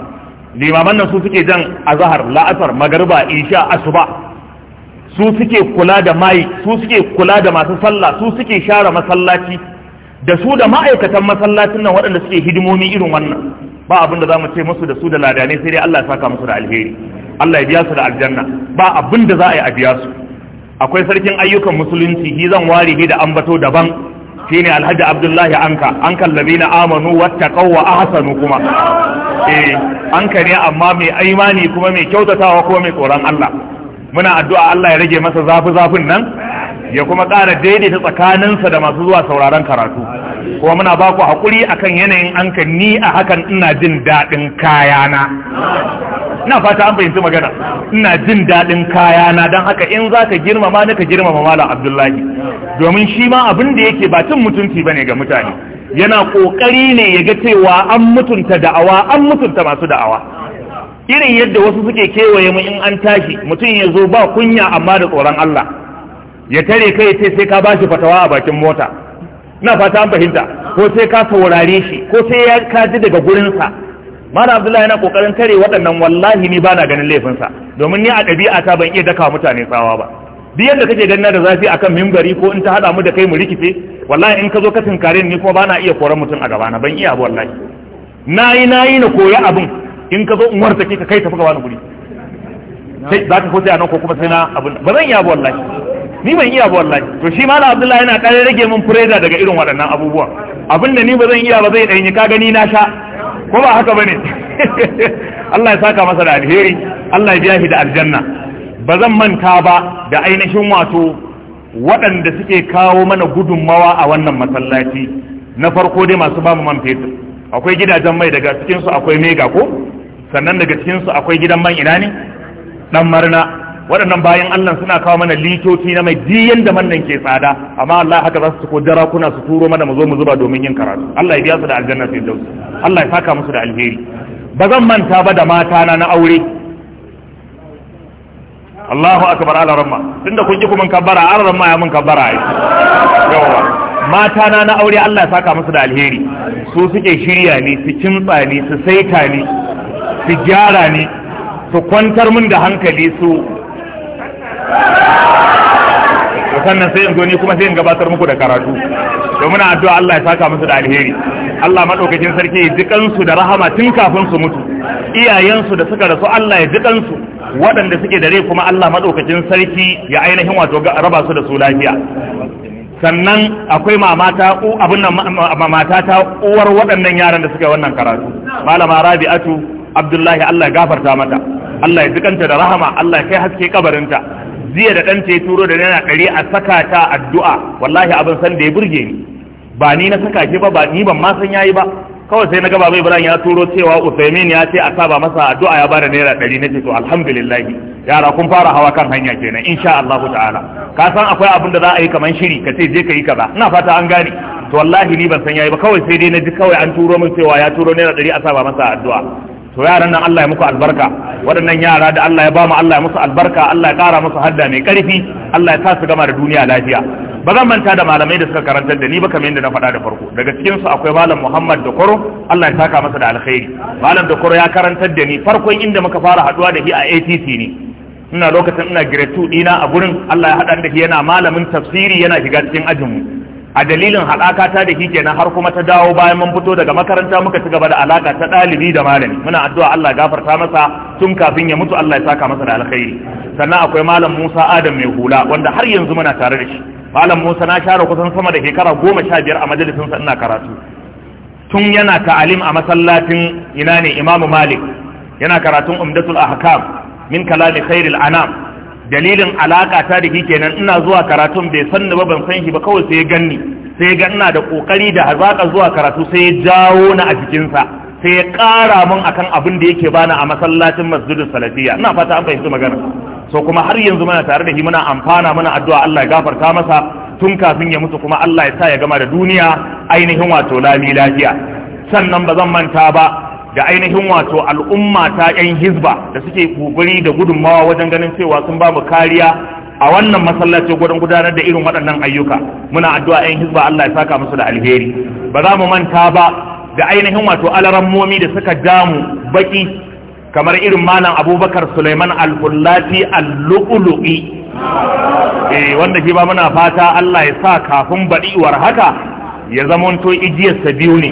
limaman nan su suke jan azhar la'asar magariba isha asuba su suke kula da mai su suke kula da masu sallah su suke share masallaci da su da ma'aikatan masallacin nan waɗanda suke hidimomi irin wannan ba abin da za mu ce musu da su da ladane sai dai Allah ya saka musu da alheri Allah ya biya su da aljanna ba abin da za a yi a biya su akwai sarkin ayyukan musulunci hi zan ware da ambato daban shine alhaji abdullahi anka an kallabi na amanu kawwa a ahsanu kuma eh, anka ne amma mai imani kuma mai kyautatawa kuma mai tsoron Allah muna addu'a Allah ya rage masa zafi zafin nan ya kuma ƙara daidaita tsakaninsa da masu zuwa sauraron karatu kuma muna ba ku haƙuri akan yanayin anka ni a hakan ina jin daɗin kayana ina fata an fahimci magana ina jin daɗin kaya na don haka in za ka girmama ni ka girmama malam abdullahi domin shi ma abin da yake ba cin mutunci ba ne ga mutane yana ƙoƙari ne ya ga cewa an mutunta da'awa an mutunta masu da'awa irin yadda wasu suke kewaye mu in an tashi mutum ya zo ba kunya amma da tsoron Allah ya tare kai ce sai ka bashi fatawa a bakin mota na fata an fahimta ko sai ka saurare shi ko sai ya kaji daga gurinsa mana abdullahi yana kokarin tare waɗannan wallahi ni bana ganin laifinsa domin ni a ɗabi'a ta ban iya daka mutane tsawa ba duk yadda kake ganna da zafi akan mimbari ko in ta hada mu da kai mu rikice wallahi in ka zo ka tinkare ni kuma bana iya koran mutum a gaba na ban iya ba wallahi nayi nayi na koyi abin in ka zo in warta ka kai tafi gaba na guri sai za ka ko sai anan ko kuma sai na abin ba zan iya ba wallahi ni ban iya ba wallahi to shi malam abdullahi yana ƙara rage min fureda daga irin waɗannan abubuwan abinda ni ba zan iya ba zai ɗanyi ka gani na sha ko ba haka bane Allah ya saka masa da alheri Allah ya biya shi da aljanna ba zan manta ba da ainihin wato waɗanda suke kawo mana gudunmawa a wannan masallaci na farko dai masu mu man fetur akwai gidajen mai daga cikinsu akwai mega ko sannan daga cikinsu akwai gidan man ina ne dan marna waɗannan bayan Allah suna kawo mana litoci na mai diyan da mannan ke tsada amma Allah haka za su ko jarakuna su turo mana mu zo mu zuba domin yin karatu Allah ya biya su da aljanna sai dauki Allah ya saka musu da alheri ba zan manta ba da mata na na aure Allahu akbar ala ramma tunda kun ji kuma kabbara ala ramma ya mun kabbara ai yawa mata na na aure Allah ya saka musu da alheri su suke shirya ni su kimtsa ni su saita ni su gyara ni su kwantar mun da hankali su sannan sai in zo ni kuma sai in gabatar muku da karatu domin addu'a Allah ya saka musu da alheri Allah madaukakin sarki ya ji kansu da rahama tun kafin su mutu iyayensu da suka rasu Allah ya ji kansu waɗanda suke da rai kuma Allah madaukakin sarki ya ainihin wato raba su da su lafiya sannan akwai mamata abin nan mamata ta uwar waɗannan yaran da suke wannan karatu malama rabi'atu abdullahi Allah ya gafarta mata Allah ya jikanta da rahama Allah ya kai haske kabarinta jiya da ɗanta ya turo da naira ɗari a saka ta addu'a wallahi abin san da ya burge ni ba ni na saka ke ba ba ni ban ma san yayi ba kawai sai na ga baba Ibrahim ya turo cewa Usaimin ya ce a saba masa addu'a ya bada naira ɗari na ce to alhamdulillah yara kun fara hawa kan hanya kenan insha Allah ta'ala ka san akwai abin da za a yi kaman shiri ka ce je ka yi kaza ina fata an gane to wallahi ni ban san yayi ba kawai sai dai na ji kawai an turo min cewa ya turo naira ɗari a saba masa addu'a to yaran nan Allah ya muku albarka waɗannan yara da Allah ya ba mu Allah ya musu albarka Allah ya ƙara musu hadda mai ƙarfi Allah ya sa su gama da duniya lafiya ba zan manta da malamai da suka karantar da ni ba kamar yadda na faɗa da farko daga cikin su akwai malam Muhammad dakoro Allah ya saka masa da alkhairi malam dakoro ya karantar da ni farkon inda muka fara haɗuwa da shi a ATC ne ina lokacin ina grade 2 ɗina a gurin Allah ya haɗa da shi yana malamin tafsiri yana shiga cikin ajinmu a dalilin haɗaka ta da shi na har kuma ta dawo bayan mun fito daga makaranta muka ci gaba da alaka ta ɗalibi da malami muna addu'a Allah gafarta masa tun kafin ya mutu Allah ya saka masa da alkhairi sannan akwai malam Musa Adam mai hula wanda har yanzu muna tare da shi malam Musa na share kusan sama da shekara goma sha biyar a majalisin sa ina karatu tun yana ta'alim a masallacin ina ne Imam Malik yana karatun Umdatul Ahkam min kalami khairil anam dalilin alaka ta da kenan ina zuwa karatun bai san ni ba ban san shi ba kawai sai ya ganni sai ya ganna da kokari da hazaka zuwa karatu sai ya jawo ni a jikinsa sai ya kara mun akan abin da yake bani a masallacin masjidin salafiya ina fata an fahimci magana so kuma har yanzu muna tare da shi muna amfana muna addu'a Allah ya gafarta masa tun kafin ya mutu kuma Allah ya sa ya gama da duniya ainihin wato lami lafiya sannan ba zan manta ba da ainihin wato al'umma ta 'yan hizba da suke kokari da gudunmawa wajen ganin cewa sun ba mu kariya a wannan masallaci gudun gudanar da irin waɗannan ayyuka muna addu'a 'yan hizba Allah ya saka musu da alheri ba za mu manta ba da ainihin wato alarammomi da suka damu baki kamar irin malam abubakar suleiman al-kullati al-lu'lu'i eh wanda shi ba muna fata Allah ya sa kafin baɗiwar haka ya zamanto igiyarsa biyu ne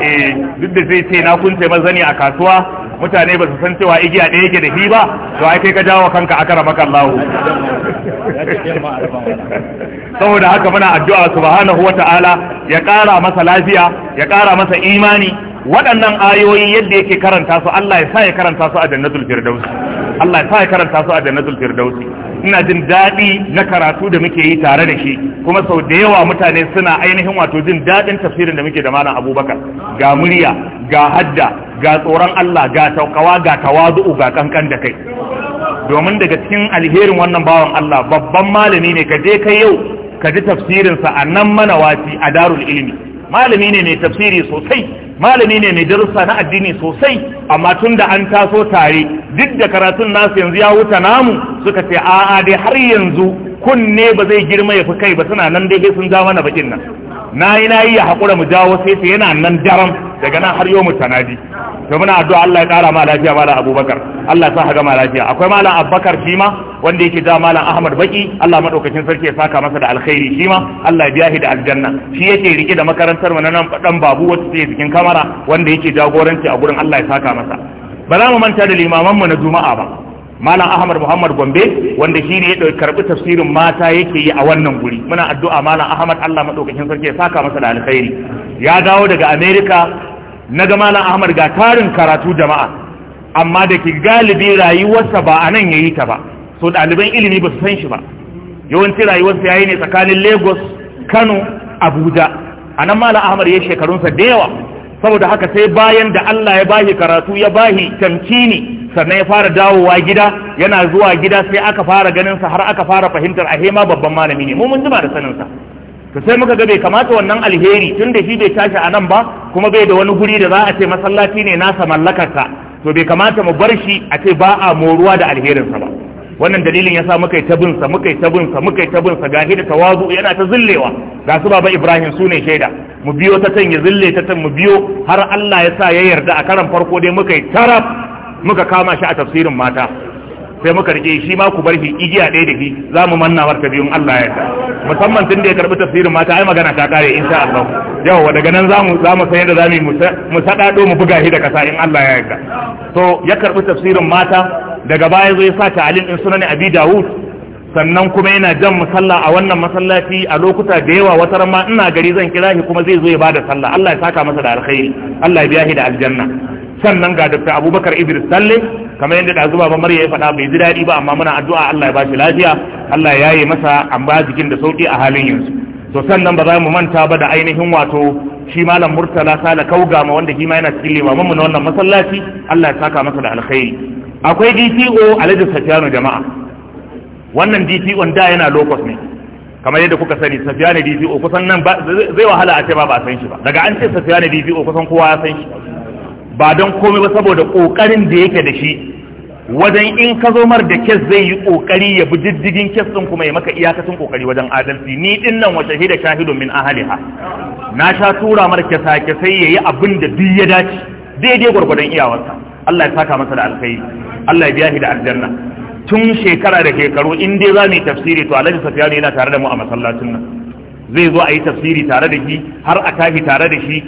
eh duk da zai ce na kunce mazani a kasuwa mutane ba su san cewa igiya ɗaya yake da shi ba to ai kai ka jawo kanka aka raba kan lahu saboda haka muna addu'a subhanahu wata'ala ya ƙara masa lafiya ya ƙara masa imani waɗannan ayoyi yadda yake karanta su Allah ya sa ya karanta su a jannatul firdausi Allah ya sa ya karanta su a jannatul firdausi ina jin daɗi na karatu da muke yi tare da shi kuma sau da yawa mutane suna ainihin wato jin daɗin tafsirin da muke da malam abubakar ga murya ga hadda ga tsoron allah ga taukawa ga tawazu'u ga kankan da kai domin daga cikin alherin wannan bawan allah babban malami ne ka je kai yau ka ji tafsirinsa a nan wasi a darul ilimi malami ne mai tafsiri sosai malami ne mai darussa na addini sosai amma tun da an taso tare duk da karatun nasu yanzu ya wuta namu suka ce a'a dai har yanzu kunne ba zai girma ya fi kai ba suna nan dai sun ja mana bakin nan na yi na yi ya haƙura mu jawo sai sai yana nan daram daga nan har yau mu tanadi to muna addu'a Allah ya ƙara ma lafiya malam Abubakar Allah ya sa ka gama lafiya akwai malam Abubakar shi ma wanda yake da malam Ahmad Baki Allah madaukakin sarki ya saka masa da alkhairi shi ma Allah ya biya shi da aljanna shi yake rike da makarantar mu na nan dan babu wata take cikin kamara wanda yake jagoranci a gurin Allah ya saka masa ba za mu manta da limaman mu na Juma'a ba malam ahmad muhammad gombe wanda shi ne ya ɗauki karɓi tafsirin mata yake yi a wannan guri muna addu'a malam ahmad allah maɗaukakin sarki ya saka masa da alkhairi ya dawo daga amerika na ga malam ahmad ga tarin karatu jama'a amma da ke galibi rayuwarsa ba a nan ya yi ta ba so ɗaliban ilimi ba su san shi ba yawanci rayuwarsa ya yi ne tsakanin lagos kano abuja a nan malam ahmad ya shekarunsa da yawa saboda haka sai bayan da allah ya bahi karatu ya bahi tamkini sannan ya fara dawowa gida yana zuwa gida sai aka fara ganinsa har aka fara fahimtar a hema babban malami ne mu mun jima da saninsa to sai muka ga bai kamata wannan alheri tun da shi bai tashi a nan ba kuma bai da wani guri da za a ce masallaci ne nasa mallakarsa to bai kamata mu bar shi a ce ba a moruwa da alherinsa ba wannan dalilin yasa muka yi tabinsa muka yi tabinsa muka yi tabinsa gahi da tawazu yana ta zillewa ga su baba ibrahim su ne shaida mu biyo ta can ya zille ta can mu biyo har allah ya sa ya yarda a karan farko dai muka yi taraf muka kama shi a tafsirin mata sai muka rike shi ma ku bar shi igiya ɗaya da shi za mu manna warta biyun Allah ya yarda musamman tun da ya karbi tafsirin mata ai magana ta kare insha Allah yau daga nan zamu zamu san yadda zamu mu do mu buga shi da kasa in Allah ya yarda to ya karbi tafsirin mata daga baya zai sa alim din sunan Abi Dawud sannan kuma yana jan musalla a wannan masallaci a lokuta da yawa wata ran ma ina gari zan kira shi kuma zai zo ya bada sallah Allah ya saka masa da alkhairi Allah ya biya shi da aljanna sannan ga Dr. Abubakar Idris Salle kamar yadda da zuba ba Maryam ya faɗa bai ji daɗi ba amma muna addu'a Allah ya bashi lafiya Allah ya yi masa amba jikin da sauki a halin yanzu to sannan ba za mu manta ba da ainihin wato shi malam Murtala Sala Kauga ma wanda shi yana cikin limamin mu na wannan masallaci Allah ya saka masa da alkhairi akwai DPO Alhaji Safiyanu jama'a wannan DPO da yana locus ne kamar yadda kuka sani Safiyanu dpo kusan nan zai wahala a ce ba ba san shi ba daga an ce safiyanu dpo kusan kowa ya san shi ba don komai ba saboda ƙoƙarin da yake da shi wajen in ka zo mar da kes zai yi ƙoƙari ya bi diddigin kes ɗin kuma ya maka iyakacin ƙoƙari wajen adalci ni ɗin nan wa shahida shahidun min ha. na sha tura mar kesa kesai ya yi abin da duk ya dace daidai gwargwadon iyawarsa Allah ya saka masa da alkhairi Allah ya biya shi da aljanna tun shekara da shekaru in dai za mu yi tafsiri to Alhaji Safiyanu yana tare da mu a masallacin nan zai zo a yi tafsiri tare da shi har a tafi tare da shi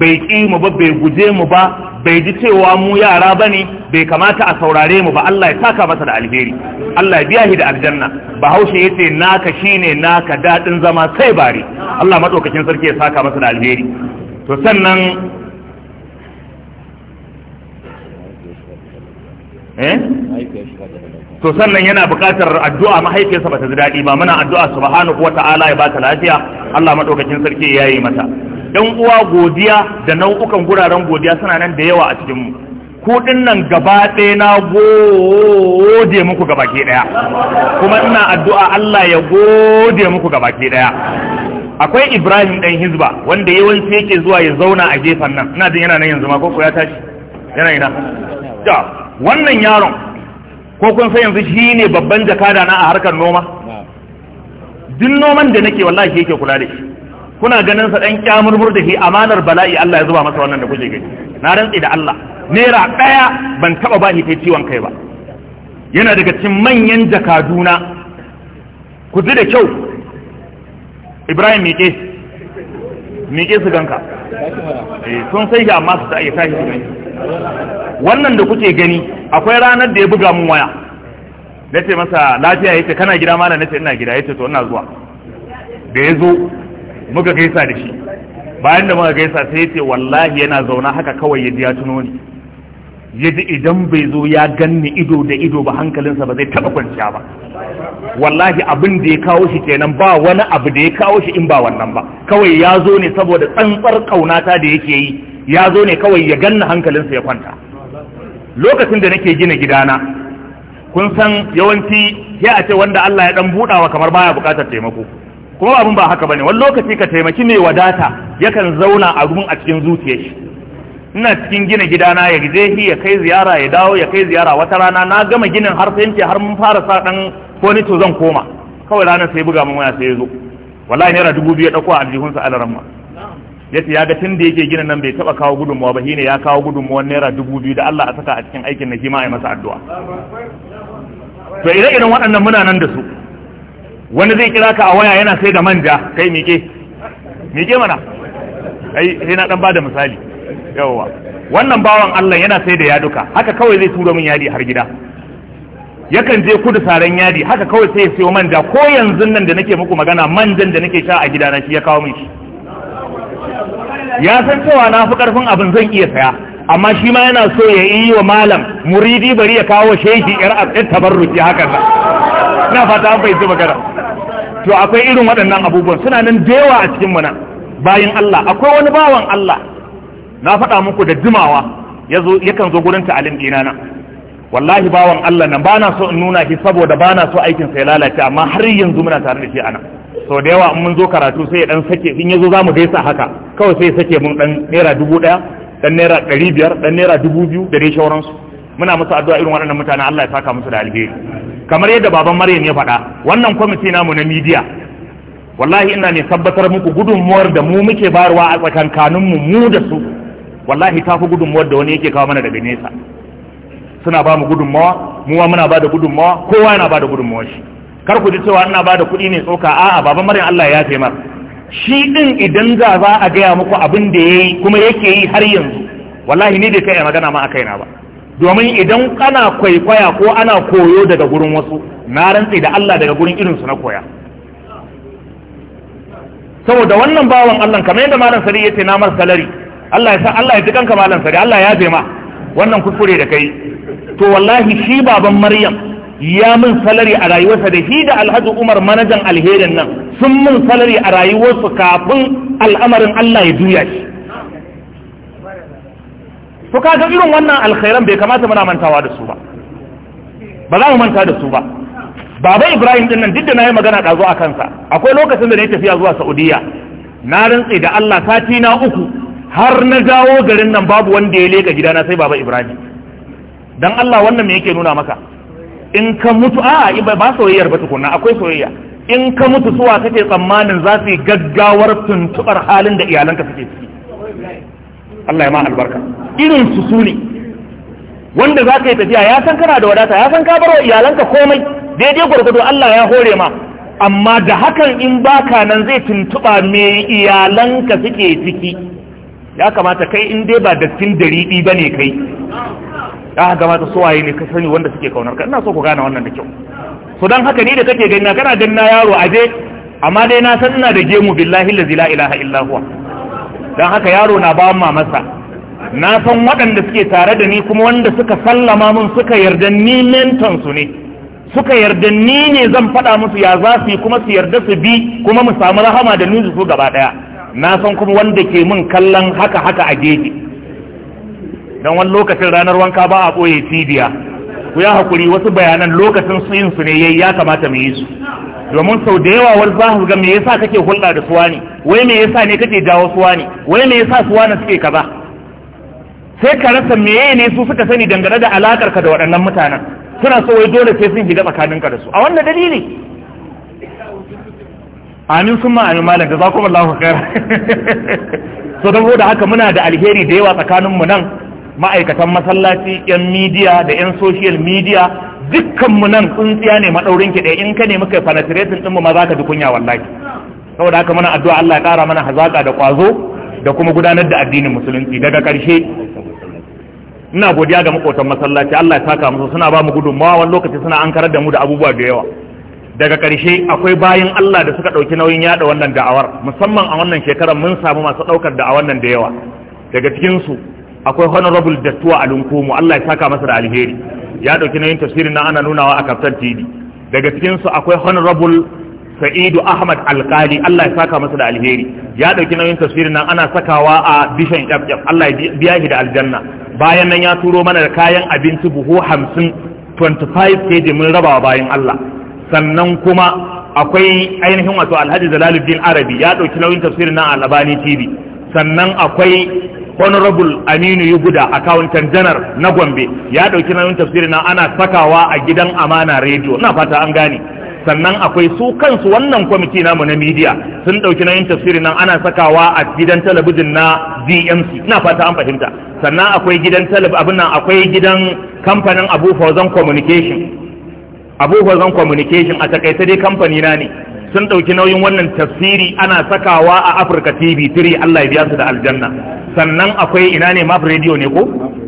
bai ƙi mu ba bai guje mu ba bai ji cewa mu yara ba ne bai kamata a saurare mu ba Allah ya saka masa da alheri Allah ya biya shi da aljanna bahaushe ya ce naka shine naka daɗin zama sai bare Allah maɗaukakin sarki ya saka masa da alheri to sannan eh to sannan yana buƙatar addu'a mahaifiyarsa bata ji daɗi ba muna addu'a subhanahu wata'ala ya bata lafiya Allah madaukakin sarki ya yi mata dan uwa godiya da nau'ukan guraren godiya suna nan da yawa a cikin mu ku nan gaba ɗaya na gode muku gaba ke ɗaya kuma ina addu'a Allah ya gode muku gaba ke ɗaya akwai Ibrahim ɗan Hizba wanda yawanci yake zuwa ya zauna a gefen nan ina jin yana nan yanzu ma ko ya tashi yana ina wannan yaron ko kun san yanzu shi ne babban jakada na a harkar noma duk noman da nake wallahi yake kula da shi kuna ganin sa dan kyamurmur da shi amanar bala'i Allah ya zuba masa wannan da kuke gani na rantsi da Allah naira daya ban taba ba ni kai ciwon kai ba yana daga cikin manyan jakaduna ku ji da kyau Ibrahim Mike Mike su ganka eh, sun sai shi amma su ta yi tashi su wannan da kuke gani akwai ranar da ya buga mun waya na ce masa lafiya ya ce kana gida mana na ce ina gida ya ce to ina zuwa da ya zo muka gaisa da shi bayan da muka gaisa sai ya ce wallahi yana zauna haka kawai ya ji ya tuno ni ya ji idan bai zo ya ganni ido da ido ba hankalinsa ba zai taɓa kwanciya ba wallahi abin da ya kawo shi kenan ba wani abu da ya kawo shi in ba wannan ba kawai ya zo ne saboda tsantsar ƙaunata da yake yi ya zo ne kawai ya ganna hankalinsa ya kwanta lokacin da nake gina gidana kun san yawanci sai a ce wanda Allah ya dan budawa kamar baya bukatar taimako kuma abin ba haka bane wani lokaci ka taimaki mai wadata yakan zauna a gumin a cikin zuciyar shi ina cikin gina gidana ya je ya kai ziyara ya dawo ya kai ziyara wata rana na gama ginin har sai har mun fara sa dan furniture zan koma kawai ranar sai buga mun waya sai ya zo wallahi naira dubu biyu ya dauko a aljihunsa alaramma ya ce ya ga tun da yake gina nan bai taba kawo gudunmuwa ba shine ya kawo gudunmuwa naira dubu biyu da Allah a saka a cikin aikin na shi ma a yi masa addu'a to ire iren waɗannan muna nan da su wani zai kira ka a waya yana sai da manja kai miƙe miƙe mana ai sai na dan bada misali yawwa wannan bawan Allah yana sai da yaduka haka kawai zai tura min yadi har gida yakan je kudu saran yadi haka kawai sai ya siyo manja ko yanzu nan da nake muku magana manjan da nake sha a gidana shi ya kawo min shi ya san cewa na fi karfin abin zan iya saya amma shi ma yana so ya yi wa malam muridi bari ya kawo shehi yar abin tabarruki haka na. na fata an bai zuba gara. to akwai irin waɗannan abubuwan suna nan da a cikin mana nan bayan Allah akwai wani bawan Allah na faɗa muku da jimawa yazo yakan zo gurin ta'alim ɗina nan wallahi bawan Allah nan Ba na so in nuna shi saboda ba na so aikin sai lalace amma har yanzu muna tare da shi ana so da yawa in mun zo karatu sai ya dan sake in yazo zamu gaisa haka kawai sai sake mun dan naira dubu daya dan naira dari biyar dan naira dubu biyu da dai shauransu muna musu addu'a irin waɗannan mutane Allah ya saka musu da alheri kamar yadda baban Maryam ya faɗa wannan kwamiti namu na media wallahi ina ne tabbatar muku gudunmuwar da mu muke bayarwa a tsakankaninmu mu da su wallahi ta gudunmuwar da wani yake kawo mana daga nesa suna ba mu gudunmawa mu ma muna ba da gudunmawa kowa yana ba da gudunmawa shi kar ku ji cewa ina ba da kuɗi ne tsoka a'a baban maryam Allah ya taima shi din idan za za a gaya muku abin da yayi kuma yake yi har yanzu wallahi ni da kai magana ma akai na ba domin idan ana kwaikwaya ko ana koyo daga gurin wasu na rantsi da Allah daga gurin irinsu na koya saboda wannan bawan Allah kamar yadda malam sari yace na mar salari Allah ya sa Allah ya ji kanka malam sari Allah ya zema wannan kuskure da kai to wallahi shi baban maryam ya min salari a rayuwarsa da shi da alhaji umar manajan alherin nan sun min salari a rayuwarsu kafin al'amarin allah ya juya shi to kaga irin wannan alkhairan bai kamata muna mantawa da su ba ba za mu manta da su ba baba ibrahim din nan duk da na yi magana ɗazu a kansa akwai lokacin da na yi tafiya zuwa saudiya na rantse da allah sati na uku har na dawo garin nan babu wanda ya leka gidana sai baba ibrahim dan Allah wannan me yake nuna maka in ka mutu a ba soyayyar ba tukunna akwai soyayya in ka mutu suwa kake tsammanin za su gaggawar tuntubar halin da iyalanka suke ciki Allah ya ma albarka irin su su ne wanda za ka yi tafiya ya san kana da wadata ya san ka bar wa iyalanka komai daidai gwargwado Allah ya hore ma amma da hakan in baka nan zai tuntuba me iyalanka suke ciki ya kamata kai in dai ba da dariɗi ba ne kai ka ga mata suwaye ne ka sani wanda suke kaunar ka ina so ku gane wannan da kyau so dan haka ni da kake ganna kana ganin na yaro aje amma dai na san ina da gemu billahi allazi la ilaha illa huwa dan haka yaro na ba mu masa na san waɗanda suke tare da ni kuma wanda suka sallama mun suka yarda ni menton su ne suka yarda ni ne zan faɗa musu ya za su kuma su yarda su bi kuma mu samu rahama da nuzu su gaba ɗaya na san kuma wanda ke mun kallon haka haka a gefe don wani lokacin ranar wanka ba a ɓoye cibiya ku ya haƙuri wasu bayanan lokacin su yin su ne yayi ya kamata mu yi su domin sau da yawa wani za ga me yasa kake hulɗa da suwa ne wai me yasa ne kake jawo suwa ne wai me yasa suwa na suke kaza sai ka rasa meye ne su suka sani dangane da alakar ka da waɗannan mutanen suna so wai dole sai sun shiga tsakaninka da su a wannan dalili amin sun ma amin malam da za ku Allah khair so don da haka muna da alheri da yawa tsakaninmu nan ma'aikatan masallaci yan midiya da yan social media dukkanmu nan tsuntsiya ne maɗaurin ki in ka ne muka penetration din mu ma ka ji kunya wallahi saboda haka muna addu'a Allah ya ƙara mana hazaka da kwazo da kuma gudanar da addinin musulunci daga ƙarshe ina godiya ga makotan masallaci Allah ya saka musu suna ba mu gudunmawa wani lokaci suna ankarar da mu da abubuwa da yawa daga ƙarshe akwai bayan Allah da suka ɗauki nauyin yaɗa wannan da'awar musamman a wannan shekarar mun samu masu ɗaukar da'awar nan da yawa daga cikinsu akwai honorable dattuwa a lunkumu Allah ya saka masa da alheri ya dauki nayin tafsirin nan ana nunawa a kaftar tv daga cikin su akwai honorable sa'idu ahmad alkali Allah ya saka masa da alheri ya dauki nayin tafsirin nan ana sakawa a bishan kyafkyaf Allah ya biya shi da aljanna bayan nan ya turo mana da kayan abinci buhu hamsin 25 kg mun rabawa bayan Allah sannan kuma akwai ainihin wato alhaji jalaluddin arabi ya ɗauki nauyin tafsirin nan a labani tv sannan akwai honorable aminu yuguda accountant janar na gombe ya ɗauki nauyin tafsiri na ana sakawa a gidan amana radio na fata an gane sannan akwai su kansu wannan kwamiti namu na media sun ɗauki nauyin tafsiri nan ana sakawa a gidan talabijin na dmc na fata an fahimta sannan akwai gidan talab abin nan akwai gidan kamfanin abu fauzan communication abu fauzan communication a takaice dai kamfani na ne sun ɗauki nauyin wannan tafsiri ana sakawa a Afirka TV 3 Allah ya biya su da aljanna sannan akwai ina ne map radio ne ko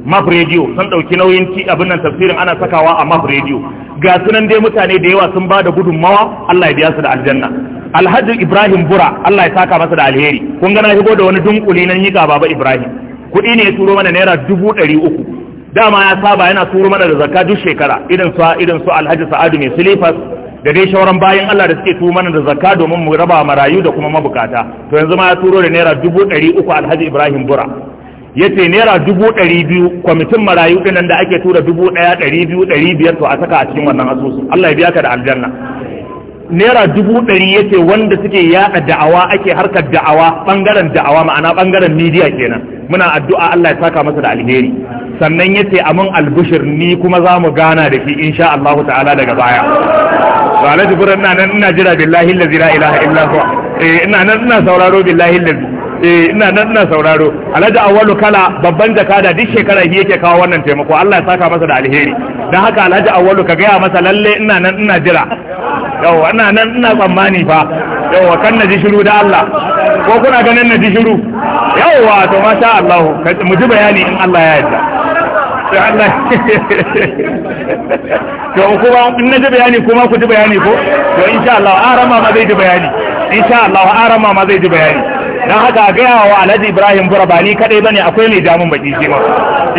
map radio sun ɗauki nauyin ci abin nan tafsirin ana sakawa a map radio ga sunan dai mutane da yawa sun bada da gudunmawa Allah ya biya su da aljanna Alhaji Ibrahim Bura Allah ya saka masa da alheri kun ga na shigo da wani dunkule nan yiga baba Ibrahim kuɗi ne ya turo mana naira dubu ɗari uku dama ya saba yana turo mana da zakka duk shekara irin su irin su Alhaji Sa'adu mai silifas da dai shauran bayan Allah da suke tuwo mana da zakka domin mu raba marayu da kuma mabukata to yanzu ma ya turo da naira dubu ɗari uku alhaji ibrahim bura ya ce naira dubu ɗari biyu kwamitin marayu ɗinan da ake tura dubu ɗaya ɗari biyu ɗari biyar to a saka a cikin wannan asusu Allah ya biya ka da aljanna naira dubu ɗari ya ce wanda suke yaɗa da'awa ake harkar da'awa ɓangaren da'awa ma'ana ɓangaren midiya kenan muna addu'a Allah ya saka masa da alheri sannan ya ce amin albushir ni kuma za mu gana da shi insha allahu ta'ala daga baya to alhaji furan ina nan ina jira billahi allazi la ilaha illa huwa eh ina nan ina sauraro billahi allazi eh ina nan ina sauraro alhaji awwalu kala babban jakada duk shekara shi yake kawo wannan taimako Allah ya saka masa da alheri dan haka alhaji awwalu ka gaya masa lalle ina nan ina jira yau ina nan ina tsammani fa yau kan naji shiru da Allah ko kuna ganin naji shiru shiru wa to masha Allah mu ji bayani in Allah ya yarda to kuma in na ji bayani kuma ku ji bayani ko to insha Allah arama ma zai ji bayani insha Allah arama ma zai ji bayani dan haka ga wa Alhaji Ibrahim Burabani kadai bane akwai mai damun baki shi ma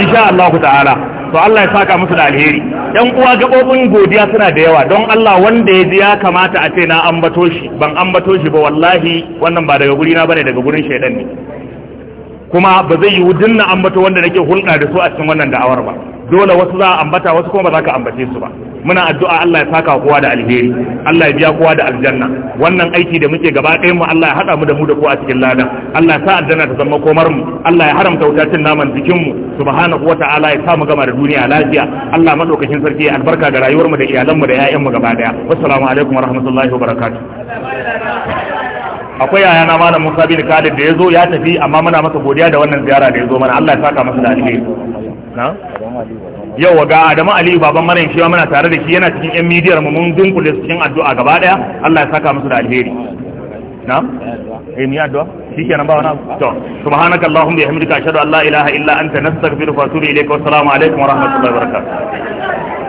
insha Allah ta'ala to Allah ya saka musu da alheri yan uwa gabobin godiya suna da yawa don Allah wanda ya ji ya kamata a ce na ambato shi ban ambato shi ba wallahi wannan ba daga guri na bane daga gurin shaidan ne kuma ba zai yiwu dinna ambata wanda nake hulɗa da su a cikin wannan da'awar ba dole wasu za a ambata wasu kuma ba za ka ambace su ba muna addu'a Allah ya saka kowa da alheri Allah ya biya kowa da aljanna wannan aiki da muke gaba ɗayan mu Allah ya haɗa mu da mu da kowa cikin ladan Allah ya sa aljanna ta zama komar mu Allah ya haramta wuta cin naman jikin mu subhanahu wata'ala ya sa mu gama da duniya lafiya Allah madaukakin sarki ya albarka ga rayuwar mu da iyalan mu da ƴaƴan mu gaba ɗaya wassalamu alaikum warahmatullahi wabarakatuh akwai yaya na malam Musa bin Khalid da yazo ya tafi amma muna masa godiya da wannan ziyara da yazo mana Allah ya saka masa da alheri na yau ga Adamu Aliyu baban mana shi muna tare da shi yana cikin yan midiyar mu mun dunkule su cikin addu'a gaba daya Allah ya saka masa da alheri na eh ni addu'a shikenan ba wani abu to subhanaka allahumma bihamdika ashhadu an la ilaha illa anta nastaghfiruka wa atubu ilayka wa assalamu alaikum wa rahmatullahi wa barakatuh